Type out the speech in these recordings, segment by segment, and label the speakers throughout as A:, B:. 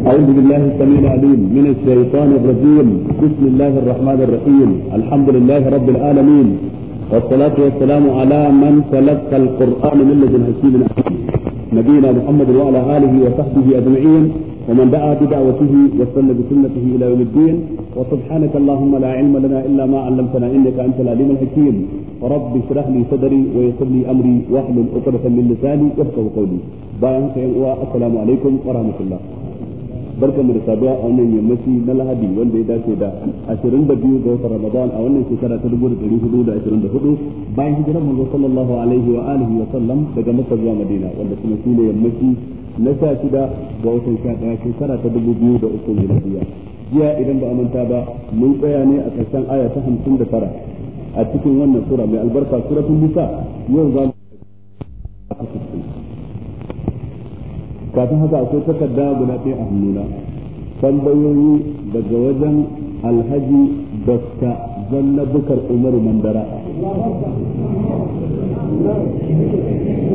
A: أعوذ بالله السميع العليم من الشيطان الرجيم بسم الله الرحمن الرحيم الحمد لله رب العالمين والصلاة والسلام على من تلقى القرآن من لدن حكيم عليم نبينا محمد وعلى آله وصحبه أجمعين ومن دعا بدعوته وسن بسنته إلى يوم الدين وسبحانك اللهم لا علم لنا إلا ما علمتنا إنك أنت العليم الحكيم رب اشرح لي صدري ويسر لي أمري واحلل عقدة من لساني يفقه قولي بايعك السلام عليكم ورحمة الله barkan mu da saduwa a wannan yammaci na lahadi wanda ya dace da 22 ga watan ramadan a wannan shekara ta 1424 bayan hijirar manzo sallallahu alaihi wa alihi wa sallam daga makka zuwa madina wanda kuma ne yammaci na shida ga watan daya shekara ta 2003 miladiya jiya idan ba a manta ba mun tsaya ne a karshen aya ta 59 a cikin wannan sura mai albarka suratul nisa yau za mu kafin haka akwai takarda guda ɗaya a hannuna tambayoyi daga wajen alhaji dokta zanna bukar umaru mandara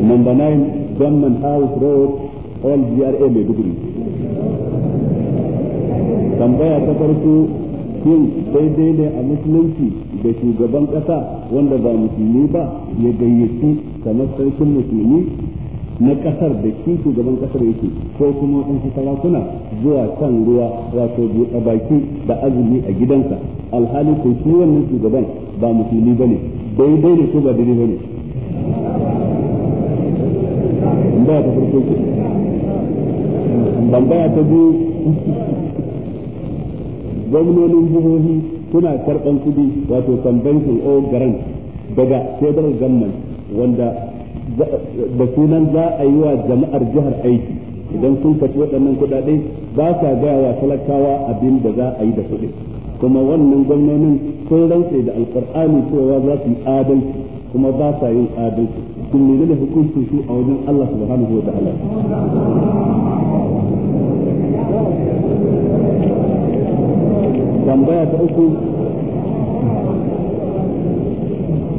A: number 9 government house road all gra maiduguri tambaya ta farko shin daidai ne a musulunci da shugaban ƙasa wanda ba musulmi ba ya gayyaci kamar sarkin musulmi na kasar da shi shugaban kasar yake ko kuma waɗansu sarakuna zuwa kan ruwa wato buɗe baki da azumi a gidansa alhali ko shi wannan shugaban ba musulmi ba ne daidai ne ko ba daidai ba ne tambaya ta farko ke tambaya ta biyu gwamnonin jihohi suna karɓar kuɗi wato convention or grant daga federal government wanda da sunan za a yi wa jama'ar jihar aiki idan sun kaci waɗannan kuɗaɗe ba sa gaya wa talakawa abin da za a yi da kuɗi kuma wannan gwamnonin sun rantse da alƙur'ani cewa za su yi adalci kuma ba sa yin adalci kun nuna da hukuncin su a wajen Allah subhanahu wa ta'ala tambaya ta uku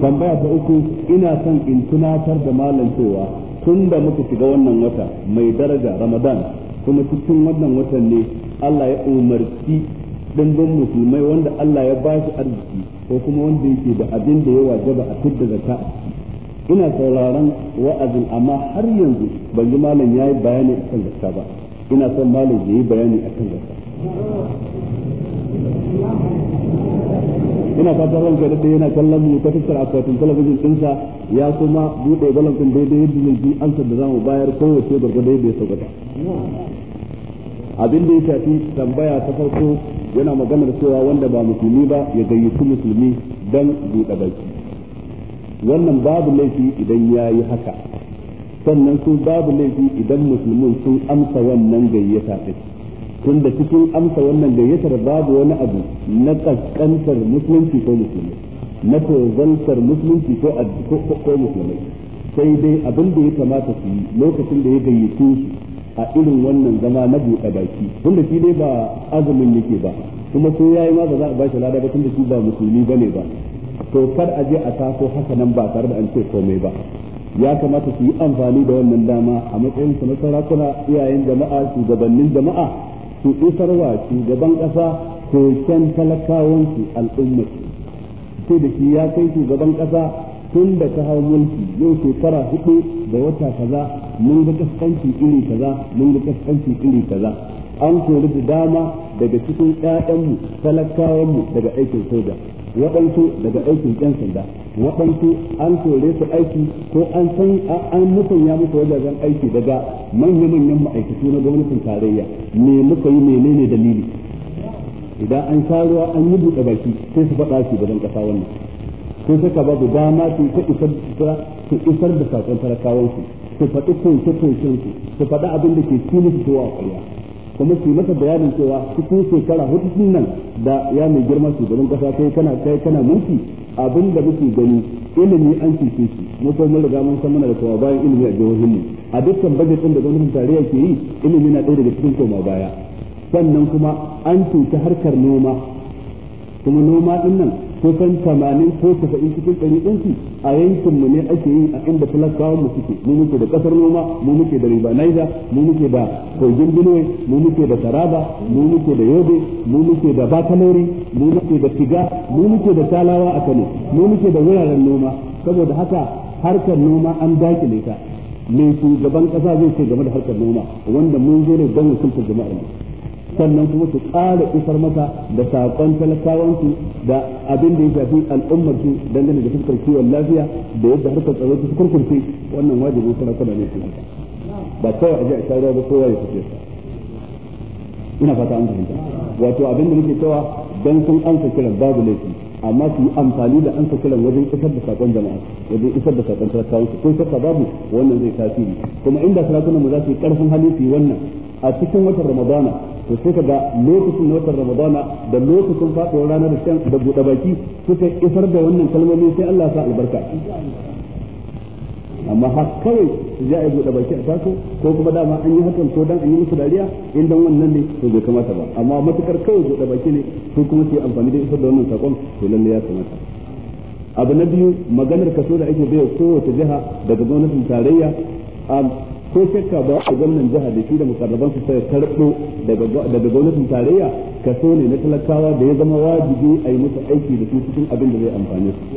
A: tambaya ta uku ina son in tunatar da malam cewa tun da muka shiga wannan wata mai daraja ramadan kuma cikin wannan watan ne Allah ya umarci dimbin musulmai wanda Allah ya ba shi arziki ko kuma wanda yake da abin da ya wajaba a tudda zakka ina sauraron wa'azin amma har yanzu ban ji malam ya yi bayani a kan zakka ba ina son malam ya yi bayani a kan zakka ina fatan ranka da dai yana kallon mu ta fitar akwatin talabijin dinsa ya kuma buɗe balan daidai yadda zai ji an da zamu bayar kowace gurgurda da ya saukata abin da ya shafi tambaya ta farko yana maganar cewa wanda ba musulmi ba ya gayyaci musulmi dan buɗe baki wannan babu laifi idan ya yi haka sannan su babu laifi idan musulmin sun amsa wannan gayyata ɗin tunda cikin amsa wannan gayyatar babu wani abu na kaskantar musulunci ko musulmi na tozantar musulunci ko ko sai dai abin da ya kamata su yi lokacin da ya gayyace su a irin wannan zama na buɗe baki tunda shi dai ba azumin yake ba kuma ko yayi ma ba za a ba shi lada ba tunda shi ba musulmi ba ne ba to kar a je a taso haka nan ba tare da an ce komai ba ya kamata su yi amfani da wannan dama a matsayin su na sarakuna iyayen jama'a shugabannin jama'a su isarwa shugaban kasa koken talakawansu al'ummatu sai da shi ya kai shugaban ƙasa tun da ta hau mulki yau shekara hudu da wata kaza mun ga kaskanci iri kaza mun ga kaskanci iri kaza an kori da dama daga cikin ƴaƴanmu talakawanmu daga aikin soja waɗansu daga aikin ƴan sanda waɗansu an kore su aiki ko an san an musanya musu wajajen aiki daga manya-manyan ma'aikatu na gwamnatin tarayya me muka yi menene dalili idan an sha ruwa an yi buɗe baki sai su faɗa su gaban ƙasa wannan suka saka babu dama su isar da su isar da sakon talakawansu su faɗi kunshe kunshen su faɗi abin da ke cikin su a ƙwarya kuma su masa bayanin cewa cikin shekara hudu sun nan da ya mai girma shugaban kasa kai kana kai kana mulki abin da muke gani ilimi an cece shi mu ko mun riga mun san muna da kowa bayan ilimi a jihohin mu a dukkan bajetin din da gwamnatin tarayya ke yi ilimi na ɗaya daga cikin koma baya sannan kuma an cuta harkar noma kuma noma din nan kusan tamanin ko casa'in cikin ɗari ɗinsu a yankin mu ne ake yi a inda talakawan mu suke mu muke da kasar noma mu muke da riba naija mu muke da kogin binuwe mu muke da taraba mu muke da yobe mu muke da bakalori mu muke da tiga mu muke da talawa a kano mu muke da wuraren noma saboda haka harkar noma an dakile ta me shugaban kasa zai ce game da harkar noma wanda mun zo ne don mu jama'ar jama'a sannan kuma su ƙara isar maka da saƙon talakawansu da abin da ya shafi al'ummar su dangane da fuskar kiwon lafiya da yadda harkar tsaro su kurkurce wannan wajibi kuma kuma ne su ba kawai a ji a shawarwa ba kowa ya fice ina fata an fahimta wato abin da nake cewa dan sun amsa kiran babu laifi amma su yi amfani da ansa kiran wajen isar da sakon jama'a wajen isar da sakon talakawansu ko shakka babu wannan zai tasiri kuma inda sarakunan mu za su yi karfin hali su yi wannan a cikin watan ramadana to sai kaga lokacin watan ramadana da lokacin faɗuwar ranar shan da buɗe baki suka isar da wannan kalmomi sai Allah sa albarka amma har kawai su ja a buɗe baki a taso ko kuma dama an yi hakan ko dan an yi musu dariya in dan wannan ne to bai kamata ba amma matukar kawai buɗe baki ne su kuma su amfani da isar da wannan sakon to lalle ya kamata abu na biyu maganar kaso da ake bayar kowace jiha daga gwamnatin tarayya ko shakka ba a gwamnan jiha da shi da mukarraban su sai karɓo daga gwamnatin tarayya kaso ne na talakawa da ya zama wajibi a yi musu aiki da su cikin abin da zai amfane su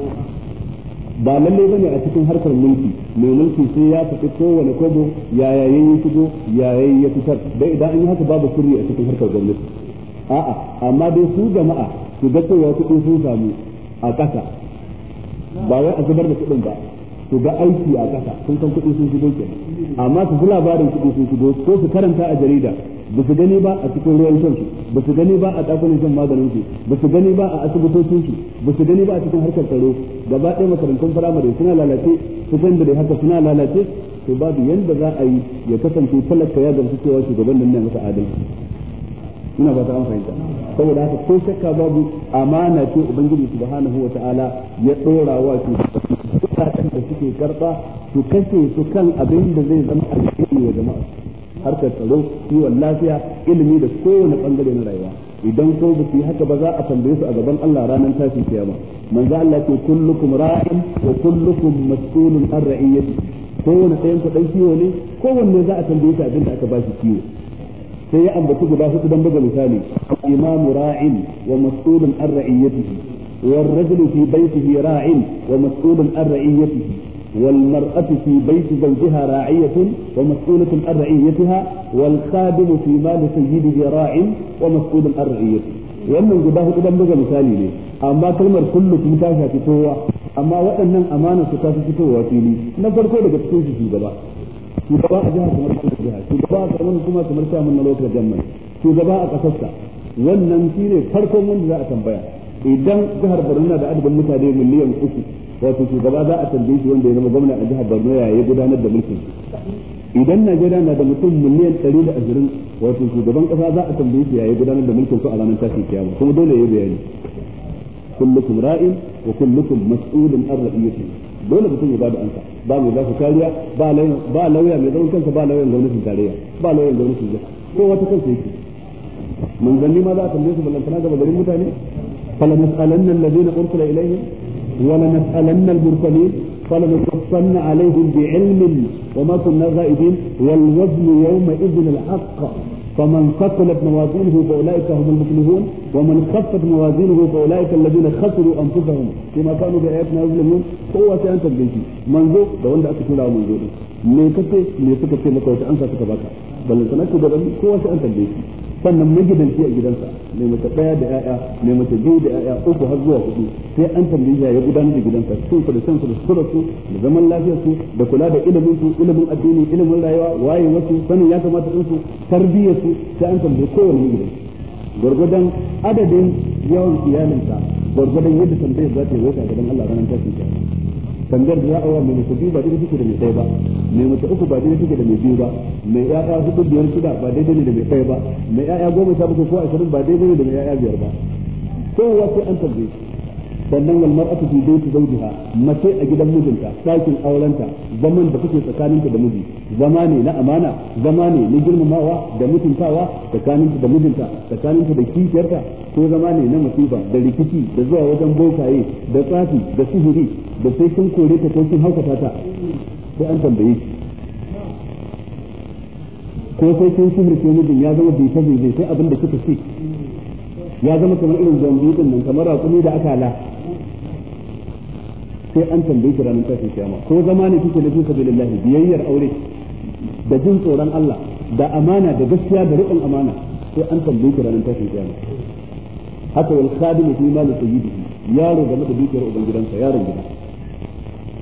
A: ba lallai bane a cikin harkar mulki mai mulki sai ya tafi kowane kobo ya yayi shigo yaya ya fitar dai idan an yi haka babu sirri a cikin harkar gwamnati a'a amma dai su jama'a su ga cewa kuɗin sun samu a ƙasa ba wai a zubar da kuɗin ba su ga aiki a ƙasa sun san kuɗi sun shigo ke amma su ji labarin kuɗi sun shigo ko su karanta a jarida ba su gani ba a cikin ruwan shan su ba su gani ba a ɗakunan shan maganin su ba su gani ba a asibitocin su ba su gani ba a cikin harkar tsaro gaba ɗaya makarantun firamare suna lalace su da haka suna lalace to babu yanda za a yi ya kasance talaka ya gamsu cewa shugaban nan ne masa adalci ina ba ta an fahimta saboda haka ko shakka babu amana ce ubangiji subhanahu wa ta'ala ya dora wa shugaban matakan da suke karba su kashe su kan abin da zai zama alheri wa jama'a harkar tsaro kiwon lafiya ilimi da kowane bangare na rayuwa idan ko ba su yi haka ba za a tambaye su a gaban Allah ranar tashin kiyama manzo Allah ce kullukum ra'in wa kullukum mas'ulun an ra'iyati kowane sayan ku dan kiwo ne kowanne za a tambaye shi abin da aka ba shi kiwo sai ya ambaci guda hudu dan buga misali imamu ra'in wa mas'ulun an ra'iyatihi والرجل في بيته راع ومسؤول عن رعيته والمرأة في بيت زوجها راعية ومسؤولة عن رعيتها والخادم في مال سيده راع ومسؤول عن رعيته wannan guda hudu dan buga misali ne amma kalmar kullu sun ta shafi kowa amma waɗannan amana su ta fi fitowa fili na farko daga cikin su shugaba shugaba a jihar kamar kamar jiha shugaba a kamar kuma kamar samun na lokacin jammai shugaba a ƙasarsa wannan shine farkon wanda za a tambaya idan jihar Borno na da adadin mutane miliyan uku wato shugaba za a tambaye shi wanda ya zama gwamna a jihar Borno ya yi gudanar da mulkin idan Najeriya na da mutum miliyan 120 wato shugaban kasa za a tambaye shi ya yi gudanar da mulkin su a ranar tashin kiyama kuma dole ya bayani kullukum ra'in wa kullukum mas'ulun an ra'iyatihi dole mutum ya bada ansa ba mai zaka kariya ba lauya ba lauya mai zaman kansa ba lauyan gwamnatin tarayya ba lauyan gwamnatin jiha ko wata kansa yake manzanni ma za a tambaye su ballantana gaba garin mutane فلنسألن الذين أرسل إليهم ولنسألن المرسلين فلنقصن عليهم بعلم وما كنا غائبين والوزن يومئذ الحق فمن ثقلت موازينه فاولئك هم المفلحون ومن خفت موازينه فاولئك الذين خسروا انفسهم فيما كانوا باياتنا يظلمون هو sai an tambaye shi manzo da wanda aka tura manzo din me kace me suka ce maka wata ansa suka sannan magidanci a gidansa mai mace ɗaya da 'ya'ya mai mace biyu da 'ya'ya uku har zuwa hudu sai an tambayi ya gudanar da gidansa sun su da san su da sura su da zaman lafiyar su da kula da ilimin su ilimin addini ilimin rayuwa waye wasu sanin ya kamata din su tarbiyyar su sai an tambaye kowane magidanci gwargwadon adadin yawan iyalinsa gwargwadon yadda tambayar za ta yi wata gaban Allah ranar tashin kiyama tambayar da za a mai mace biyu ba daidai take da mai ɗaya ba mai mace uku ba daidai take da mai biyu ba mai ƴaƴa hudu biyar shida ba daidai ne da mai ɗaya ba mai ƴaƴa goma sha bakwai ko ashirin ba daidai ne da mai ƴaƴa biyar ba kowa sai an tambaye sannan wal mar'atu fi bayti zawjiha mace a gidan mijinta sakin aurenta zaman da kuke tsakaninta da miji zama ne na amana zama ne na girmamawa da mutuntawa tsakaninta da mijinta tsakaninta da kishiyarta ko zama ne na musiba da rikici da zuwa wajen bokaye da tsafi da sihiri da sai sun kore ta ko sun haukata ta sai an tambaye shi ko sai sihiri sihirce mijin ya zama bai ta bai sai abin da kika ce ya zama kamar irin zambi din nan kamar raƙumi da aka la sai an tambayi ki ranar tashin kiyama ko zama ne kike nufi sabilillah biyayyar aure da jin tsoron Allah da amana da gaskiya da riƙon amana sai an tambayi ki ranar tashin kiyama haka wal khadim fi mal sayyidi yaro game da dukiyar ubangidansa yaron gida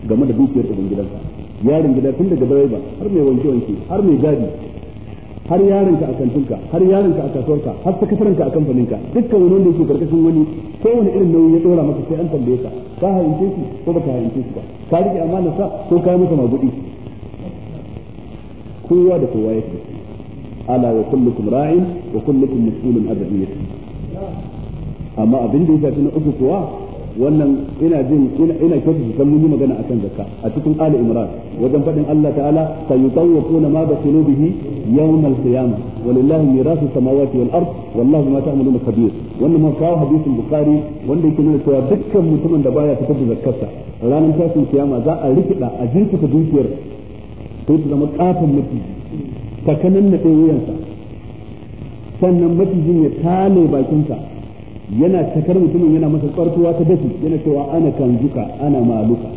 A: game da dukiyar ubangidansa yaron gida tun daga direba har mai wanke wanke har mai gadi har yaron a kantinka har yaron ka a kasuwarka har sakataren ka a kamfaninka dukkan wani wanda yake karkashin wani ko wani irin nauyi ya dora maka sai an tambaye ka ka hayince shi ko baka hayince shi ba ka rike amana sa ko ka masa magudi kowa da kowa yake ala wa kullukum ra'in wa kullukum mas'ulun an ra'iyatihi amma abin da ya shafi na uku kuwa wannan ina jin ina kyautu kan mun yi magana akan zakka a cikin ali imran wajen faɗin Allah ta'ala sayutawwaquna ma bakunu bihi yawm al-qiyamah walillahi mirasu samawati wal ard wallahu ma ta'maluna khabir wannan ma kawo hadisin bukhari wanda yake nuna cewa dukkan mutumin da baya fitar da zakkarsa ranar tashin kiyama za a rikida a jinkita dukiyar sai ta zama kafin mutum ta kanan na wuyansa sannan matijin ya tale bakinsa yana shakar mutumin yana masa tsartuwa ta dafi yana cewa ana zuka ana maluka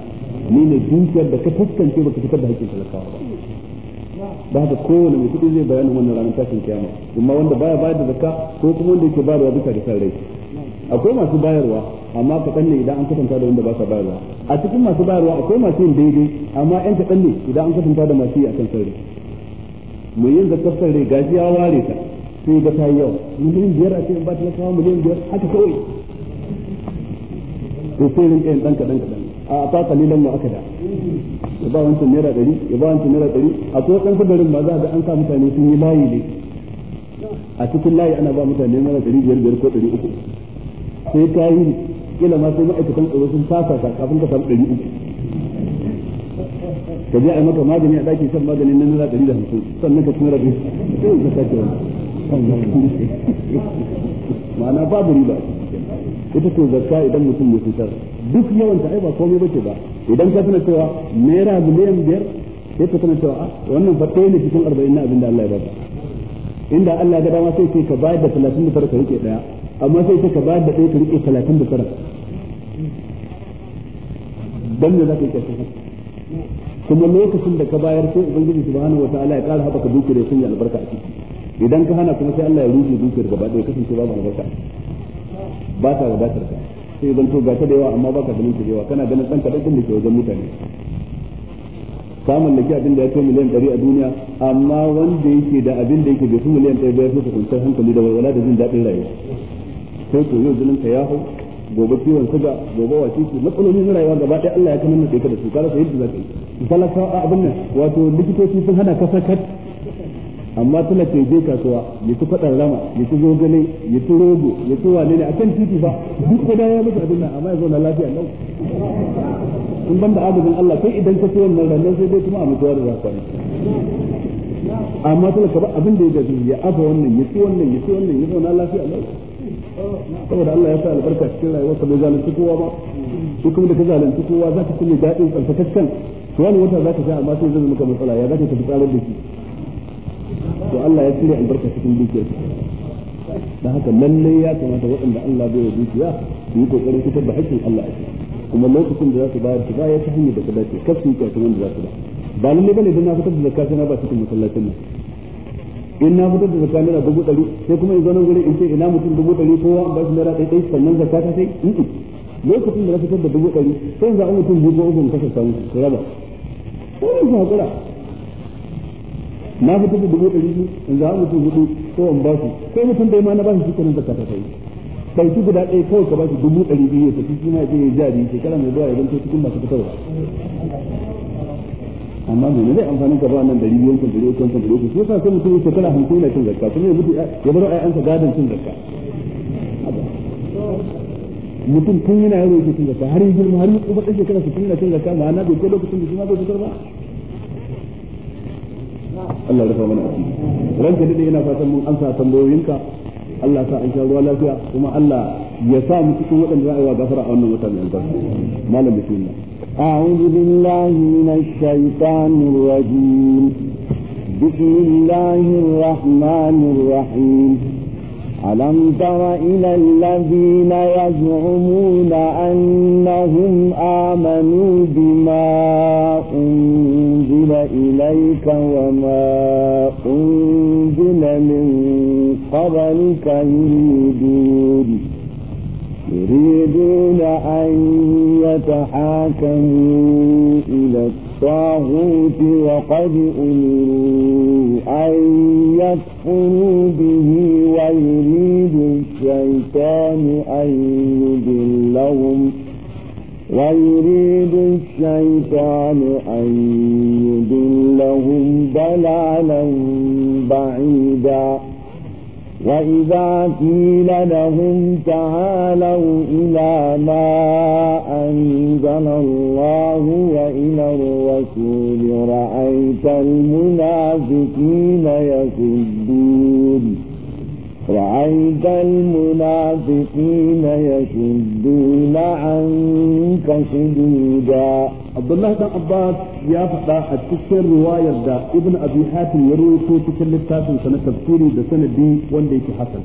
A: ni ne dukiyar da ka taskance baka fitar da hakkin talakawa
B: ba ba
A: haka kowane mai kudi zai bayanin wannan ranar tashin kiyama amma wanda baya bayar da zakka ko kuma wanda yake bayarwa duka da san rai akwai masu bayarwa amma ka kanne idan an kasanta da wanda ba sa bayarwa a cikin masu bayarwa akwai masu yin daidai amma yan ka ne idan an kasanta da masu yi a kan rai mu yin zakkar san rai ya ware ta sai ga ta yi yawa biyar a ce ba ta kawo miliyan biyar haka kawai to sai rinka yin dan kadan kadan a ta kalilan mu aka da ya ba wancan naira ɗari ya ba wancan naira ɗari a ko ɗan fadarin ma za a ga an sa mutane sun yi layi ne a cikin layi ana ba mutane mara ɗari biyar biyar ko ɗari uku sai ta yi kila ma sai ma'aikatan tsaro sun sasa ta kafin ka samu ɗari uku ka je a maka magani a ɗaki shan maganin na naira ɗari da hamsin sannan ka ci naira ɗari ka sake wani ma'ana babu riba ita ce zakka idan mutum ya fitar duk yawan ta ba komai bace ba idan ka tana cewa naira miliyan biyar sai ka tana cewa ah, wannan fa ɗaya ne cikin arba'in na abin da Allah ya baka inda Allah ga dama sai ce ka bayar da talatin da tara ka rike ɗaya amma sai ce ka bayar da ɗaya ka rike talatin da tara dan ne za ka yi kyashin kuma lokacin da ka bayar sai ubangiji subhanahu wataala ya ƙara haɓaka dukiyar sun yi albarka a ciki idan ka hana kuma sai Allah ya rushe dukiyar gaba ɗaya kasance babu albarka ba ta wadatar ka sai idan to ga ta da yawa amma ba ka ganin ta da yawa kana ganin ɗan kaɗan ɗin da ke wajen mutane samun laki abin da ya ce miliyan ɗari a duniya amma wanda yake da abin da yake bai fi miliyan ɗari ba ya fi kwanciyar hankali da walwala da jin daɗin rayuwa sai ko yau jinin ka ya hau gobe ciwon suga gobe wace matsaloli na rayuwa gaba ɗaya Allah ya kamar na ka da su kara sai yadda za ka yi talaka abin nan wato likitoci sun hana ka sakat amma tana ce je kasuwa ya ci fadan rama ya ci zogale ya ci rogo ya ci wane ne akan titi ba duk ko da ya mutu abin nan amma ya zauna lafiya nan in banda agajin Allah kai idan ka ci wannan ranar sai dai kuma a mutuwar da zakon amma tana ka abin da ya gaji ya afa wannan ya ci wannan ya ci wannan ya zauna lafiya nan
B: saboda Allah ya sa
A: albarka cikin rayuwar ka bai zalunci kowa ba shi kuma da ka zalunci kowa za ka kulle daɗin tsarkakakken to wani wata za ka sha amma sai zai maka matsala ya za ka tafi tsarar da shi to Allah ya cire albarka cikin dukiyar da haka lalle ya kamata waɗanda Allah bai dukiya su yi kokarin fitar da haƙƙin Allah a kuma lokacin da za su bayar su bayar ta hanyar da ta dace kar su yi kasuwan da za su ba ba lalle bane idan na fitar da zakka na ba cikin masallacin nan in na fitar da zakka naira dubu ɗari sai kuma in zo nan gurin in ce ina mutum dubu ɗari kowa ba shi naira ɗaya ɗaya sannan zakka ta sai lokacin da na fitar da dubu ɗari sai in zaɓi mutum biyu uku in kashe samu su raba ko in hakura na fitar da dubu ɗari biyu in za mutum hudu ko in ba su sai mutum dai ma na ba shi shi kanin zakata ta yi ɗauki guda ɗaya kawai ka ba shi dubu ɗari biyu ya tafi shi ma je ya jari shekara mai zuwa ya zanto cikin masu fitarwa amma ne ka ba nan kan kan sai mutum ya na cin zakka kuma ya mutu ya bar cin zakka mutum tun yana yaro yake cin zakka har girma har kuma ɗan shekara yana cin zakka ma'ana bai kai lokacin da shi ma bai fitar ba Allah rufa mana asiri ranka dade yana fatan mun amsa tambayoyinka Allah sa an sha ruwa lafiya kuma Allah ya sa mu cikin wadanda za a yi wa gafara a wannan wata mai albarka malam bismillah a'udhu billahi minash shaitanir
C: rajim bismillahir rahmanir rahim ألم تر إلى الذين يزعمون أنهم آمنوا بما أنزل إليك وما أنزل من قبلك يريدون يريدون أن يتحاكموا إلى الطاغوت وقد أمروا أن يكفروا به ويريد الشيطان أن يضلهم ويريد الشيطان أن يضلهم ضلالا بعيدا وإذا قيل لهم تعالوا إلى ما أنزل الله وإلى الرسول رأيت المنافقين يسدون رأيت المنافقين يسدون
A: عنك شديداً abdullahi dan abbas ya faɗa a cikin riwayar da ibn abi hatim ya rawaito cikin littafin sa na tafsiri da sanadi wanda yake hasan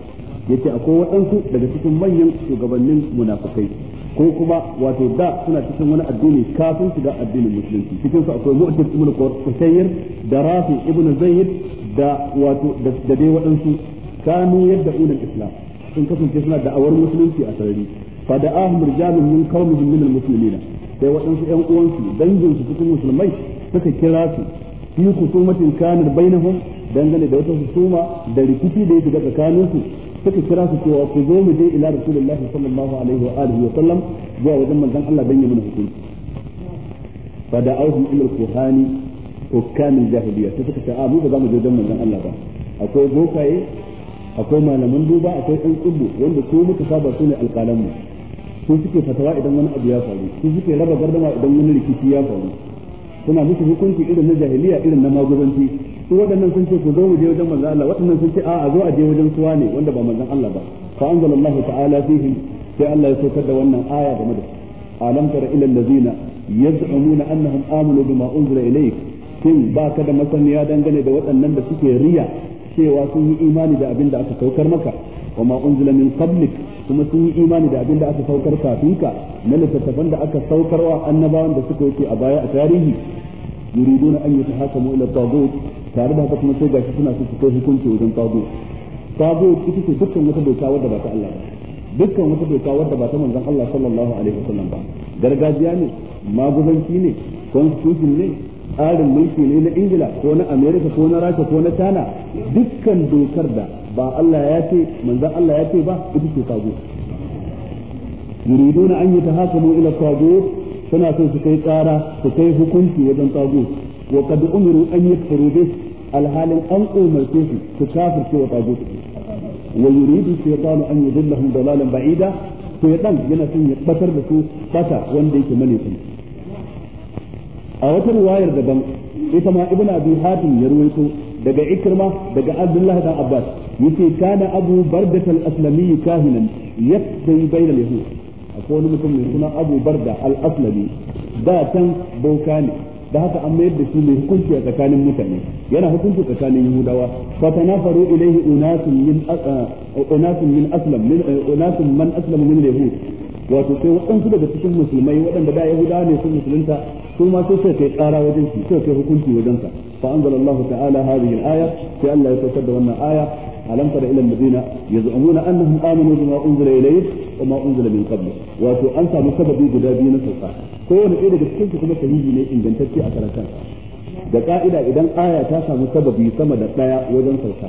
A: yace akwai waɗansu daga cikin manyan shugabannin munafikai ko kuma wato da suna cikin wani addini kafin shiga addinin musulunci cikin su akwai mu'tad ibn qusayr da rafi ibn zayd da wato da dai waɗansu kanu yadda ulul islam sun kasance suna da'awar musulunci a sarari fa da ahmur jamin min qaumihim min al-muslimina sai waɗansu ƴan uwansu danginsu cikin musulmai suka kira su fi husumatin kanar bainahum dangane da wata husuma da rikici da ya daga kanunsu suka kira su cewa ku zo mu je ila rasulullahi sallallahu alaihi wa alihi wa sallam zuwa wajen manzon Allah dan yi mana hukunci fa da auhum ila al-kuhani hukamin jahiliya sai suka ce a mu ba za mu je wajen manzon Allah ba akwai bokaye akwai malaman duba akwai ɗan tsubbu wanda ko muka saba sune ne alƙalanmu su suke fatawa idan wani abu ya faru su suke raba gardama idan wani rikici ya faru suna musu hukunci irin na jahiliya irin na magudanci su waɗannan sun ce ku zo mu je wajen manzon Allah waɗannan sun ce a a zo a je wajen suwa ne wanda ba manzon Allah ba fa anzalallahu ta'ala fihim sai Allah ya saukar da wannan aya game da alam tara ilal ladzina yaz'umuna annahum amanu bima unzila ilayk kin ba ka da masaniya dangane da waɗannan da suke riya cewa sun yi imani da abin da aka saukar maka wa ma unzila min qablik kuma sun yi imani da abin da aka saukar kafin ka na littattafan da aka saukarwa annabawan da suka wuce a baya a tarihi yuriduna an yatahakamu ila tagut tare da haka kuma sai gashi suna so su kai hukunci wajen tagut tagut ita ce dukkan wata doka wadda ba ta Allah ba dukkan wata doka wadda ba ta manzon Allah sallallahu alaihi wasallam ba gargajiya ne maguzanci ne constitution ne tsarin mulki ne na Ingila ko na America ko na Rasha ko na China dukkan dokar da ba Allah ya ce manzon Allah ya ce ba ita ce kago yuriduna an yatahakamu ila kago suna so su kai tsara su kai hukunci wajen kago wa qad umiru an yakfuru bih alhalin an umarce su su kafirce wa kago wa yuridu shaytanu an yudillahum dalalan ba'ida shaytan yana son ya batar da su bata wanda yake malefin a wata riwayar daban ita ma ibnu abi hatim ya ruwaito daga ikrima daga abdullahi dan abbas yace kana abu barda al-aslami kahinan yaktai bayna al-yahud akwai wani mutum mai suna abu barda al-aslami da can boka ne da haka an mayar da shi mai hukunci a tsakanin mutane yana hukunci tsakanin yahudawa fa tanafaru ilayhi unasun min uh, unasun min aslam min uh, unasun man aslama min yahud wato sai waɗansu daga cikin musulmai waɗanda da yahudawa ne sun musulunta su ma sai kai tsara wajen shi sai kai hukunci wajen sa fa anzalallahu ta'ala hadhihi al-aya sai Allah ya saukar da wannan aya alam tara ila alladhina yaz'umuna annahum amanu bima unzila ilayk wa ma unzila min wato an samu sababi guda biyu na sauka kowane ɗaya daga cikin su kuma ne ingantacce a karan da ka'ida idan aya ta samu sababi sama da ɗaya wajen sauka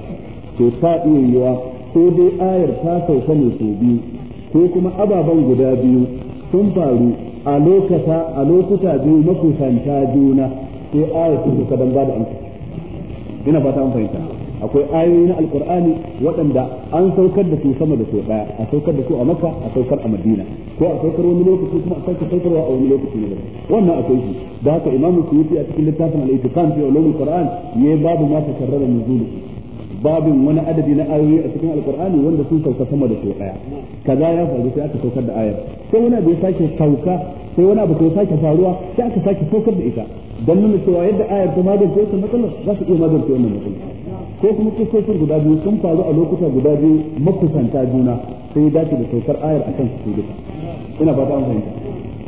A: to ta iya ko dai ayar ta sauka ne biyu ko kuma ababen guda biyu sun faru a lokata a lokuta biyu makusanta juna sai aya sun sauka don ba da amsa ina fata an fahimta akwai ayoyi na alkur'ani waɗanda an saukar da su sama da sau daya a saukar da su a makka a saukar a madina ko a saukar wani lokaci kuma a sake saukarwa a wani lokaci ne wannan akwai shi da haka imam suyuti a cikin littafin al-ittifaq fi ulumul qur'an yayi babu ma takarrara nuzulu babin wani adadi na ayoyi a cikin alkur'ani wanda sun sauka sama da sau daya kaza ya faru sai aka saukar da ayar sai wani abu ya sake sauka sai wani abu ya sake faruwa sai aka sake saukar da ita don nuna cewa yadda ayar ta magance wata matsalar za su iya magance wannan matsalar ko kuma kisoshin guda biyu sun faru a lokuta guda biyu makusanta juna sai ya dace da saukar ayar a kan su duka ina ba ta an fahimta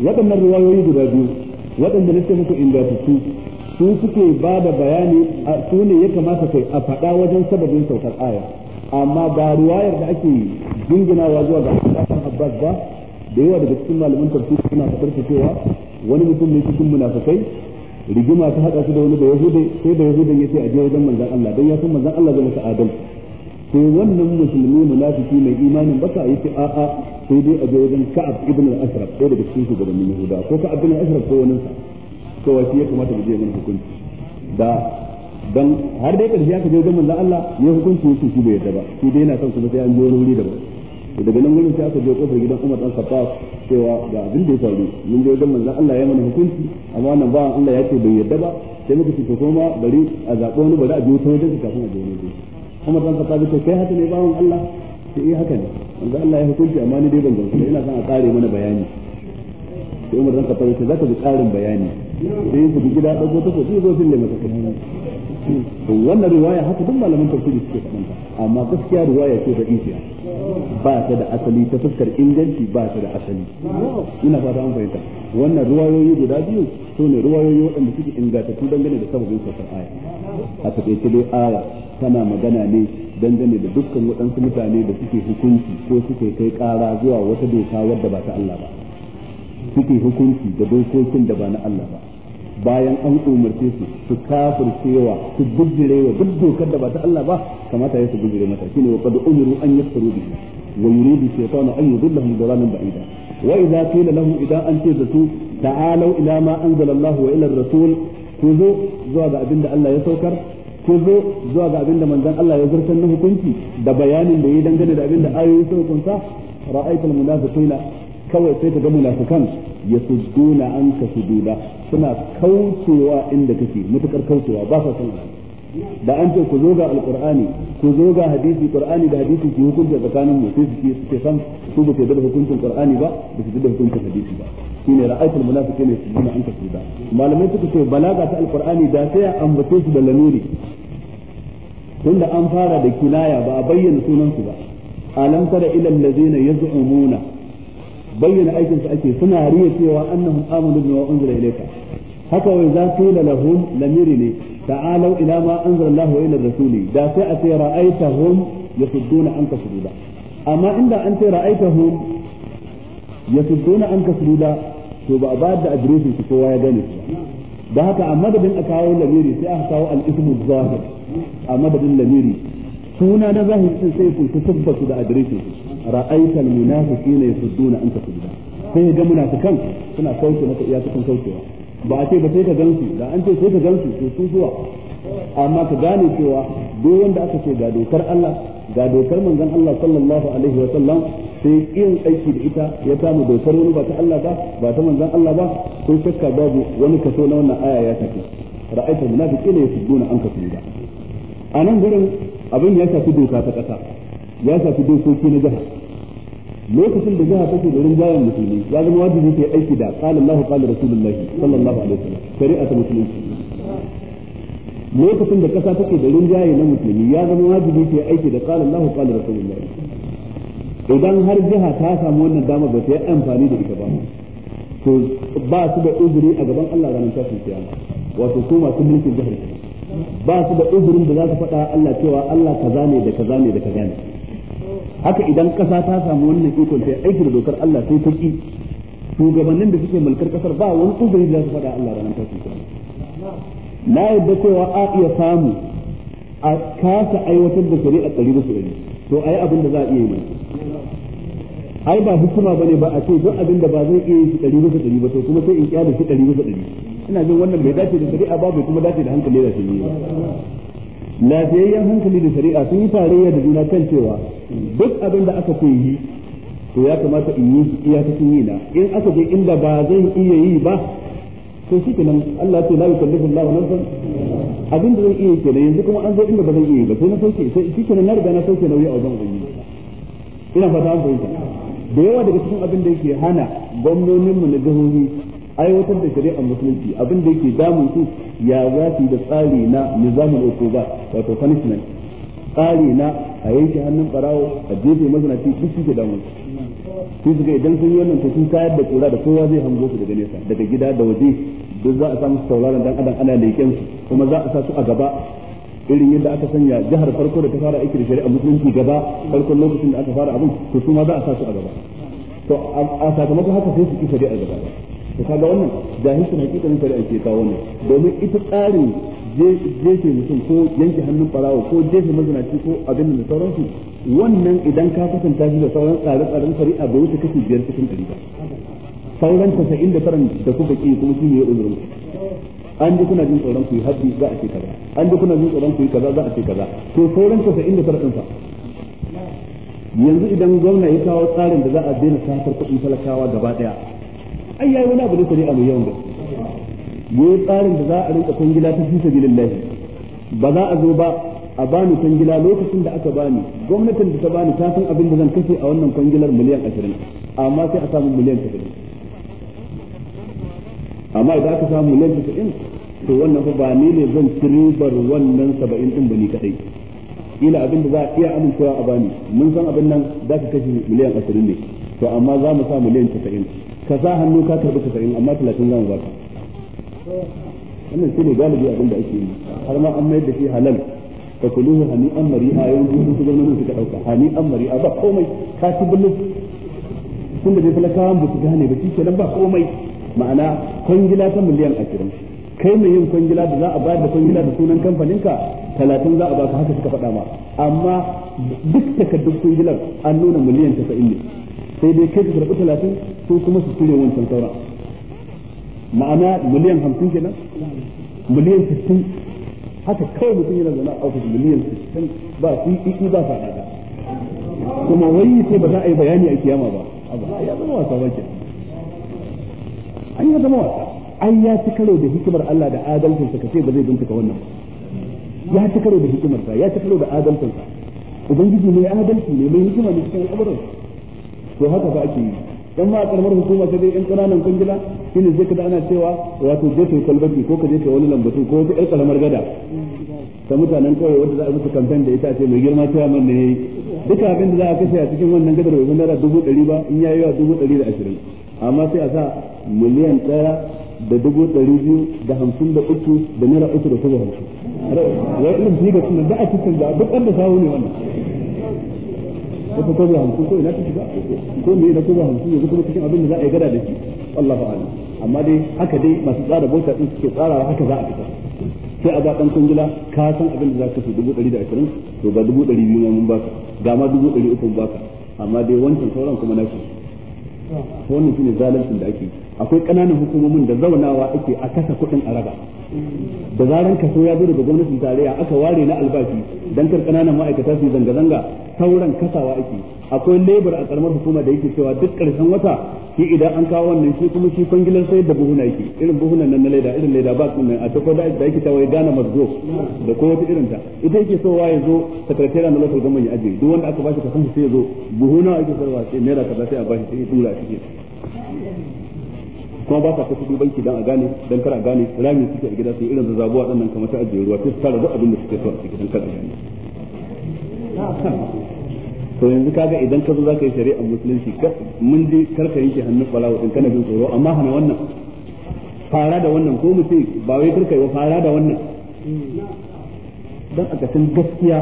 A: waɗannan riwayoyi guda biyu waɗanda nake muku ingantattu su suke ba da bayani su ne ya kamata kai a faɗa wajen sababin saukar ayar amma ba ruwayar da ake jinginawa zuwa ga Abbas ba da yawa daga cikin malaman tafsiri suna faɗar cewa wani mutum ne cikin munafikai rigima ta haɗa su da wani da hude sai da ya ya ce a je wajen manzan Allah don ya san manzan Allah zai masa adal sai wannan musulmi munafiki mai imanin ba sa yi a a sai dai a je wajen Ka'ab ibn al-Ashraf sai daga cikin shugabannin Yahuda ko Ka'ab ibn al-Ashraf ko wani sa wace ya kamata mu je mun hukunci da dan har dai karshe aka je wajen manzan Allah ya hukunci shi shi bai yarda ba shi dai yana son kuma sai an je wani wuri daban daga nan gurin sai aka je kofar gidan Umar dan Khattab cewa ga abin da ya faru mun je wajen manzon Allah ya mana hukunci amma nan ba Allah ya ce bai yarda ba sai muka ce ko ma bari a zaɓo wani bari a biyo ta wajen kafin a je wani Umar dan Khattab ce kai haka ne ba bawon Allah sai eh haka ne manzon Allah ya hukunci amma ni dai ban gamsu ina son a kare mana bayani sai Umar dan Khattab ce zaka bi karin bayani sai su bi gida dauko ta ko zai zo fille masa wannan riwaya haka duk malaman tafsiri suke faɗin ta amma gaskiya riwaya ce da isiya ba ta da asali ta fuskar inganci ba ta da asali ina fata an fahimta wannan riwayoyi guda biyu su ne riwayoyi waɗanda suke ingantattu dangane da sabbin saukar aya a taƙaice dai aya tana magana ne dangane da dukkan waɗansu mutane da suke hukunci ko suke kai ƙara zuwa wata doka wadda ba ta Allah ba suke hukunci da dokokin da ba na Allah ba bayan an umarce su su kafircewa su bijire wa duk dokar da ba ta Allah ba kamata ya su bijire mata shine wa qad umiru an yakfuru bi wa yuridu shaytanu an yudillahum dalalan ba'ida wa idza qila lahum idza anta zatu ta'alu ila ma anzala Allah wa ila ar-rasul kuzo zuwa ga abinda Allah ya saukar kuzo zuwa ga abinda manzon Allah ya zartar na hukunci da bayanin da ya dangane da abinda ayoyi suka kunsa ra'aytul munafiqina kawai sai ka ga munafikan ya sujuna an ka sujuda suna kaucewa inda kake mutukar kaucewa ba sa son da an ce ku zo ga alqur'ani ku zo ga hadisi qur'ani da hadisi ke hukunta tsakanin mu sai suke suke san su ba ke da hukuncin qur'ani ba ba su da hukuncin hadisi ba shine ra'aytul munafiqina yasjuduna an tasuda malamai suka ce balaga ta alqur'ani da sai a ambace su da lamiri tunda an fara da kinaya ba a bayyana sunan su ba alam tara ilal ladzina yaz'umuna bayyana aikin ake suna riya cewa annahum amanu bima unzila ilayka haka wai za su la lahum lamiri ne ta'alu ila ma anzala Allah wa ila rasuli da sai a ce ra'aitahum yasudduna anka sududa amma inda an ce ra'aitahum yasudduna anka sududa to ba a ba da adireshin su kowa ya gane da haka a madadin a kawo lamiri sai aka kawo al-ismu zahir a madadin lamiri suna na zahiri sai ku tabbatu da adireshin su ra'aital munafiqina yasudduna anka sujuda sai ga munafikan suna kauce maka iyakan kaucewa ba a ce ba sai ka gansu da an ce sai ka gansu to su zuwa amma ka gane cewa duk wanda aka ce ga dokar Allah ga dokar manzon Allah sallallahu alaihi wa sallam sai yin aiki da ita ya kama dokar wani ba ta Allah ba ba ta manzon Allah ba ko shakka babu wani kaso na wannan aya ya tafi ra'aitul munafiqina yasudduna anka sujuda a nan gurin abin ya shafi doka ta kasa ya shafi dokoki na jiha lokacin da jiha take da rinjayen musulmi ya zama wajibi ta aiki da qala Allahu qala Rasulullah sallallahu alaihi wasallam shari'atul musulunci lokacin da kasa take da rinjaye na musulmi ya zama wajibi ta aiki da qala Allahu qala Rasulullah idan har jiha ta samu wannan dama ba ta yi amfani da ita ba to ba su da uzuri a gaban Allah ranar tashin kiyama wato su masu mulkin jihar ba su da uzurin da za su faɗa Allah cewa Allah kaza ne da kaza ne da kaza ne haka idan kasa ta samu wannan ikon sai aiki da dokar Allah sai ta ki shugabannin da suke mulkar kasar ba wani uzuri da su faɗa Allah ranar tashin kiyama na yadda cewa a iya samu a kasa aiwatar da shari'a ɗari da shari'a to ayi abin da za a iya yi mai ai ba hukuma bane ba a ce duk abin da ba zai iya yi shi ɗari bisa ɗari ba to kuma sai in kiyaye shi ɗari da shari'a ina jin wannan bai dace da shari'a ba bai kuma dace da hankali da shari'a ba lafiyayyen hankali da shari'a sun yi tarayya da juna kan cewa duk abin da aka ce yi to ya kamata in yi iyakacin yi na in aka je inda ba zan iya yi ba to shi kenan Allah ce la yukallifu Allah nafsan abin da zan iya ne yanzu kuma an zo inda ba zan iya ba sai na sauke sai shi kenan na riga na sauke nauyi a wajen ubangi ina fata an fahimta da yawa daga cikin abin da yake hana mu na jihohi aiwatar da shari'ar musulunci abin da yake damun su ya za su da tsari na nizamin ba wato punishment tsari na a yanke hannun barawo a jefe mazinaci duk suke damun su suka idan sun yi wannan to sun kayar da kura da kowa zai hango su daga nesa daga gida da waje duk za a samu sauraron dan adam ana leƙen su kuma za a sa su a gaba irin yadda aka sanya jihar farko da ta fara aiki da shari'a musulunci gaba farkon lokacin da aka fara abin to su ma za a sa su a gaba to a sakamakon haka sai su ki shari'a gaba to kaga wannan jahilcin hakikanin shari'a ke kawo wannan domin ita tsarin jefe mutum ko yanke hannun farawa ko jefe mazinaci ko abin da sauransu wannan idan ka kasanta shi da sauran tsare-tsaren shari'a bai wuce kashi biyar cikin ɗari ba sauran tasa'in da tsaron da kuka ƙi kuma shi ne ya uzurin an ji kuna jin tsoron ku yi haddi za a ce kaza an ji kuna jin tsoron ku yi kaza za a ce kaza to sauran tasa'in da faran fa yanzu idan gwamna ya kawo tsarin da za a daina safar kuɗin talakawa gaba ɗaya ai yayi wani abu da a mai yawan gaske yayi tsarin da za a rinka kwangila ta fi sabilillahi ba za a zo ba a bani kwangila lokacin da aka bani gwamnatin da ta bani ta san abin da zan kashe a wannan kwangilar miliyan 20 amma sai a samu miliyan 20 amma idan aka samu miliyan 90 to wannan fa ba ni ne zan tribar wannan 70 din ba ni kadai ila abin da za a iya amincewa a bani mun san abin nan za ka kashe miliyan 20 ne to amma za mu samu miliyan 90 ka sa hannu ka karbi tasa'in amma talatin zan baka wannan shi ne galibi abin da ake yi har ma an mayar da shi halal ka kuluhu hani an mari'a yau duk su gwamnatin suka dauka hani an mari'a ba komai ka ci bulus tun da dai talakawan ba su gane ba shi kenan ba komai ma'ana kwangila ta miliyan ashirin kai mai yin kwangila da za a bayar da kwangila da sunan kamfaninka talatin za a baka haka suka faɗa ma amma duk takardun kwangilar an nuna miliyan tasa'in ne sai dai kai su karɓi talatin ko kuma su cire wancan saura ma'ana miliyan hamsin kenan miliyan sittin haka kawai mutum yana zama a ofis miliyan sittin ba su ba sa da kuma wai sai ba za a yi bayani a kiyama ba abu ya zama wasa ba ke an ya zama wasa an ya ci karo da hikimar Allah da adalcinsa ka ce ba zai bincika wannan ba ya ci karo da hikimarsa ya ci karo da adalcinsa ubangiji mai adalci ne mai hikima ne cikin al'amuransa to haka fa ake yi dan ma a karamar hukuma sai dai in kananan kungila shine zai kada ana cewa wato je ka kwalbaki ko ka je ka wani lambatu ko ka ƴar karamar gada ta mutanen kawai wanda za a musu kamfen da ita ce mai girma ta man ne yayi duka abin da za a kashe a cikin wannan gadar bai naira dubu ɗari ba in yayi wa dubu ɗari da ashirin amma sai a sa miliyan ɗaya da dubu ɗari biyu da hamsin da uku da naira uku da kuma hamsin. Wai ilim fi ga tunan da a cikin da duk wanda sawo ne wannan. ko ta koba hamsin ko ina ta shiga ko me na koba hamsin yanzu kuma cikin abin da za a yi gada da shi Allahu a'lam amma dai haka dai masu tsara bota din suke tsara haka za a fita sai a ba dan kungila ka san abin da za ka fi dubu ɗari da ashirin to ga dubu ɗari biyu mun baka ga ma dubu ɗari uku baka amma dai wancan sauran kuma na shi wannan shine zalincin da ake yi akwai ƙananan hukumomin da zaunawa ake a kasa kuɗin a raba da zaran kaso ya zo daga gwamnatin tarayya aka ware na albashi dan kar ƙananan ma'aikata su zanga zanga sauran kasawa ake akwai lebur a karamar hukuma da yake cewa duk ƙarshen wata shi idan an kawo wannan shi kuma shi kwangilar sayar da buhuna yake irin buhunan nan na leda irin leda ba nan a duk da yake ta wai gana mazgo da ko wata irin ta ita yake so wa zo sakatariya na lokacin government ya ajiye duk wanda aka bashi kasan sai ya zo buhuna ake sarwa sai naira kaza sai a bashi sai ya tura shi kuma ba sa kasu dubanki dan a gane dan kar a gane rami suke a gida sai irin zazzabuwa dan nan kamar ta ajiye ruwa sai su tara duk abin da suke so a cikin kar a gane to yanzu kaga idan ka zo zaka yi shari'a musulunci mun je karka yake hannun balawo din kana jin tsoro amma hana wannan fara da wannan ko mu ce ba wai karka yi fara da wannan dan a kasan gaskiya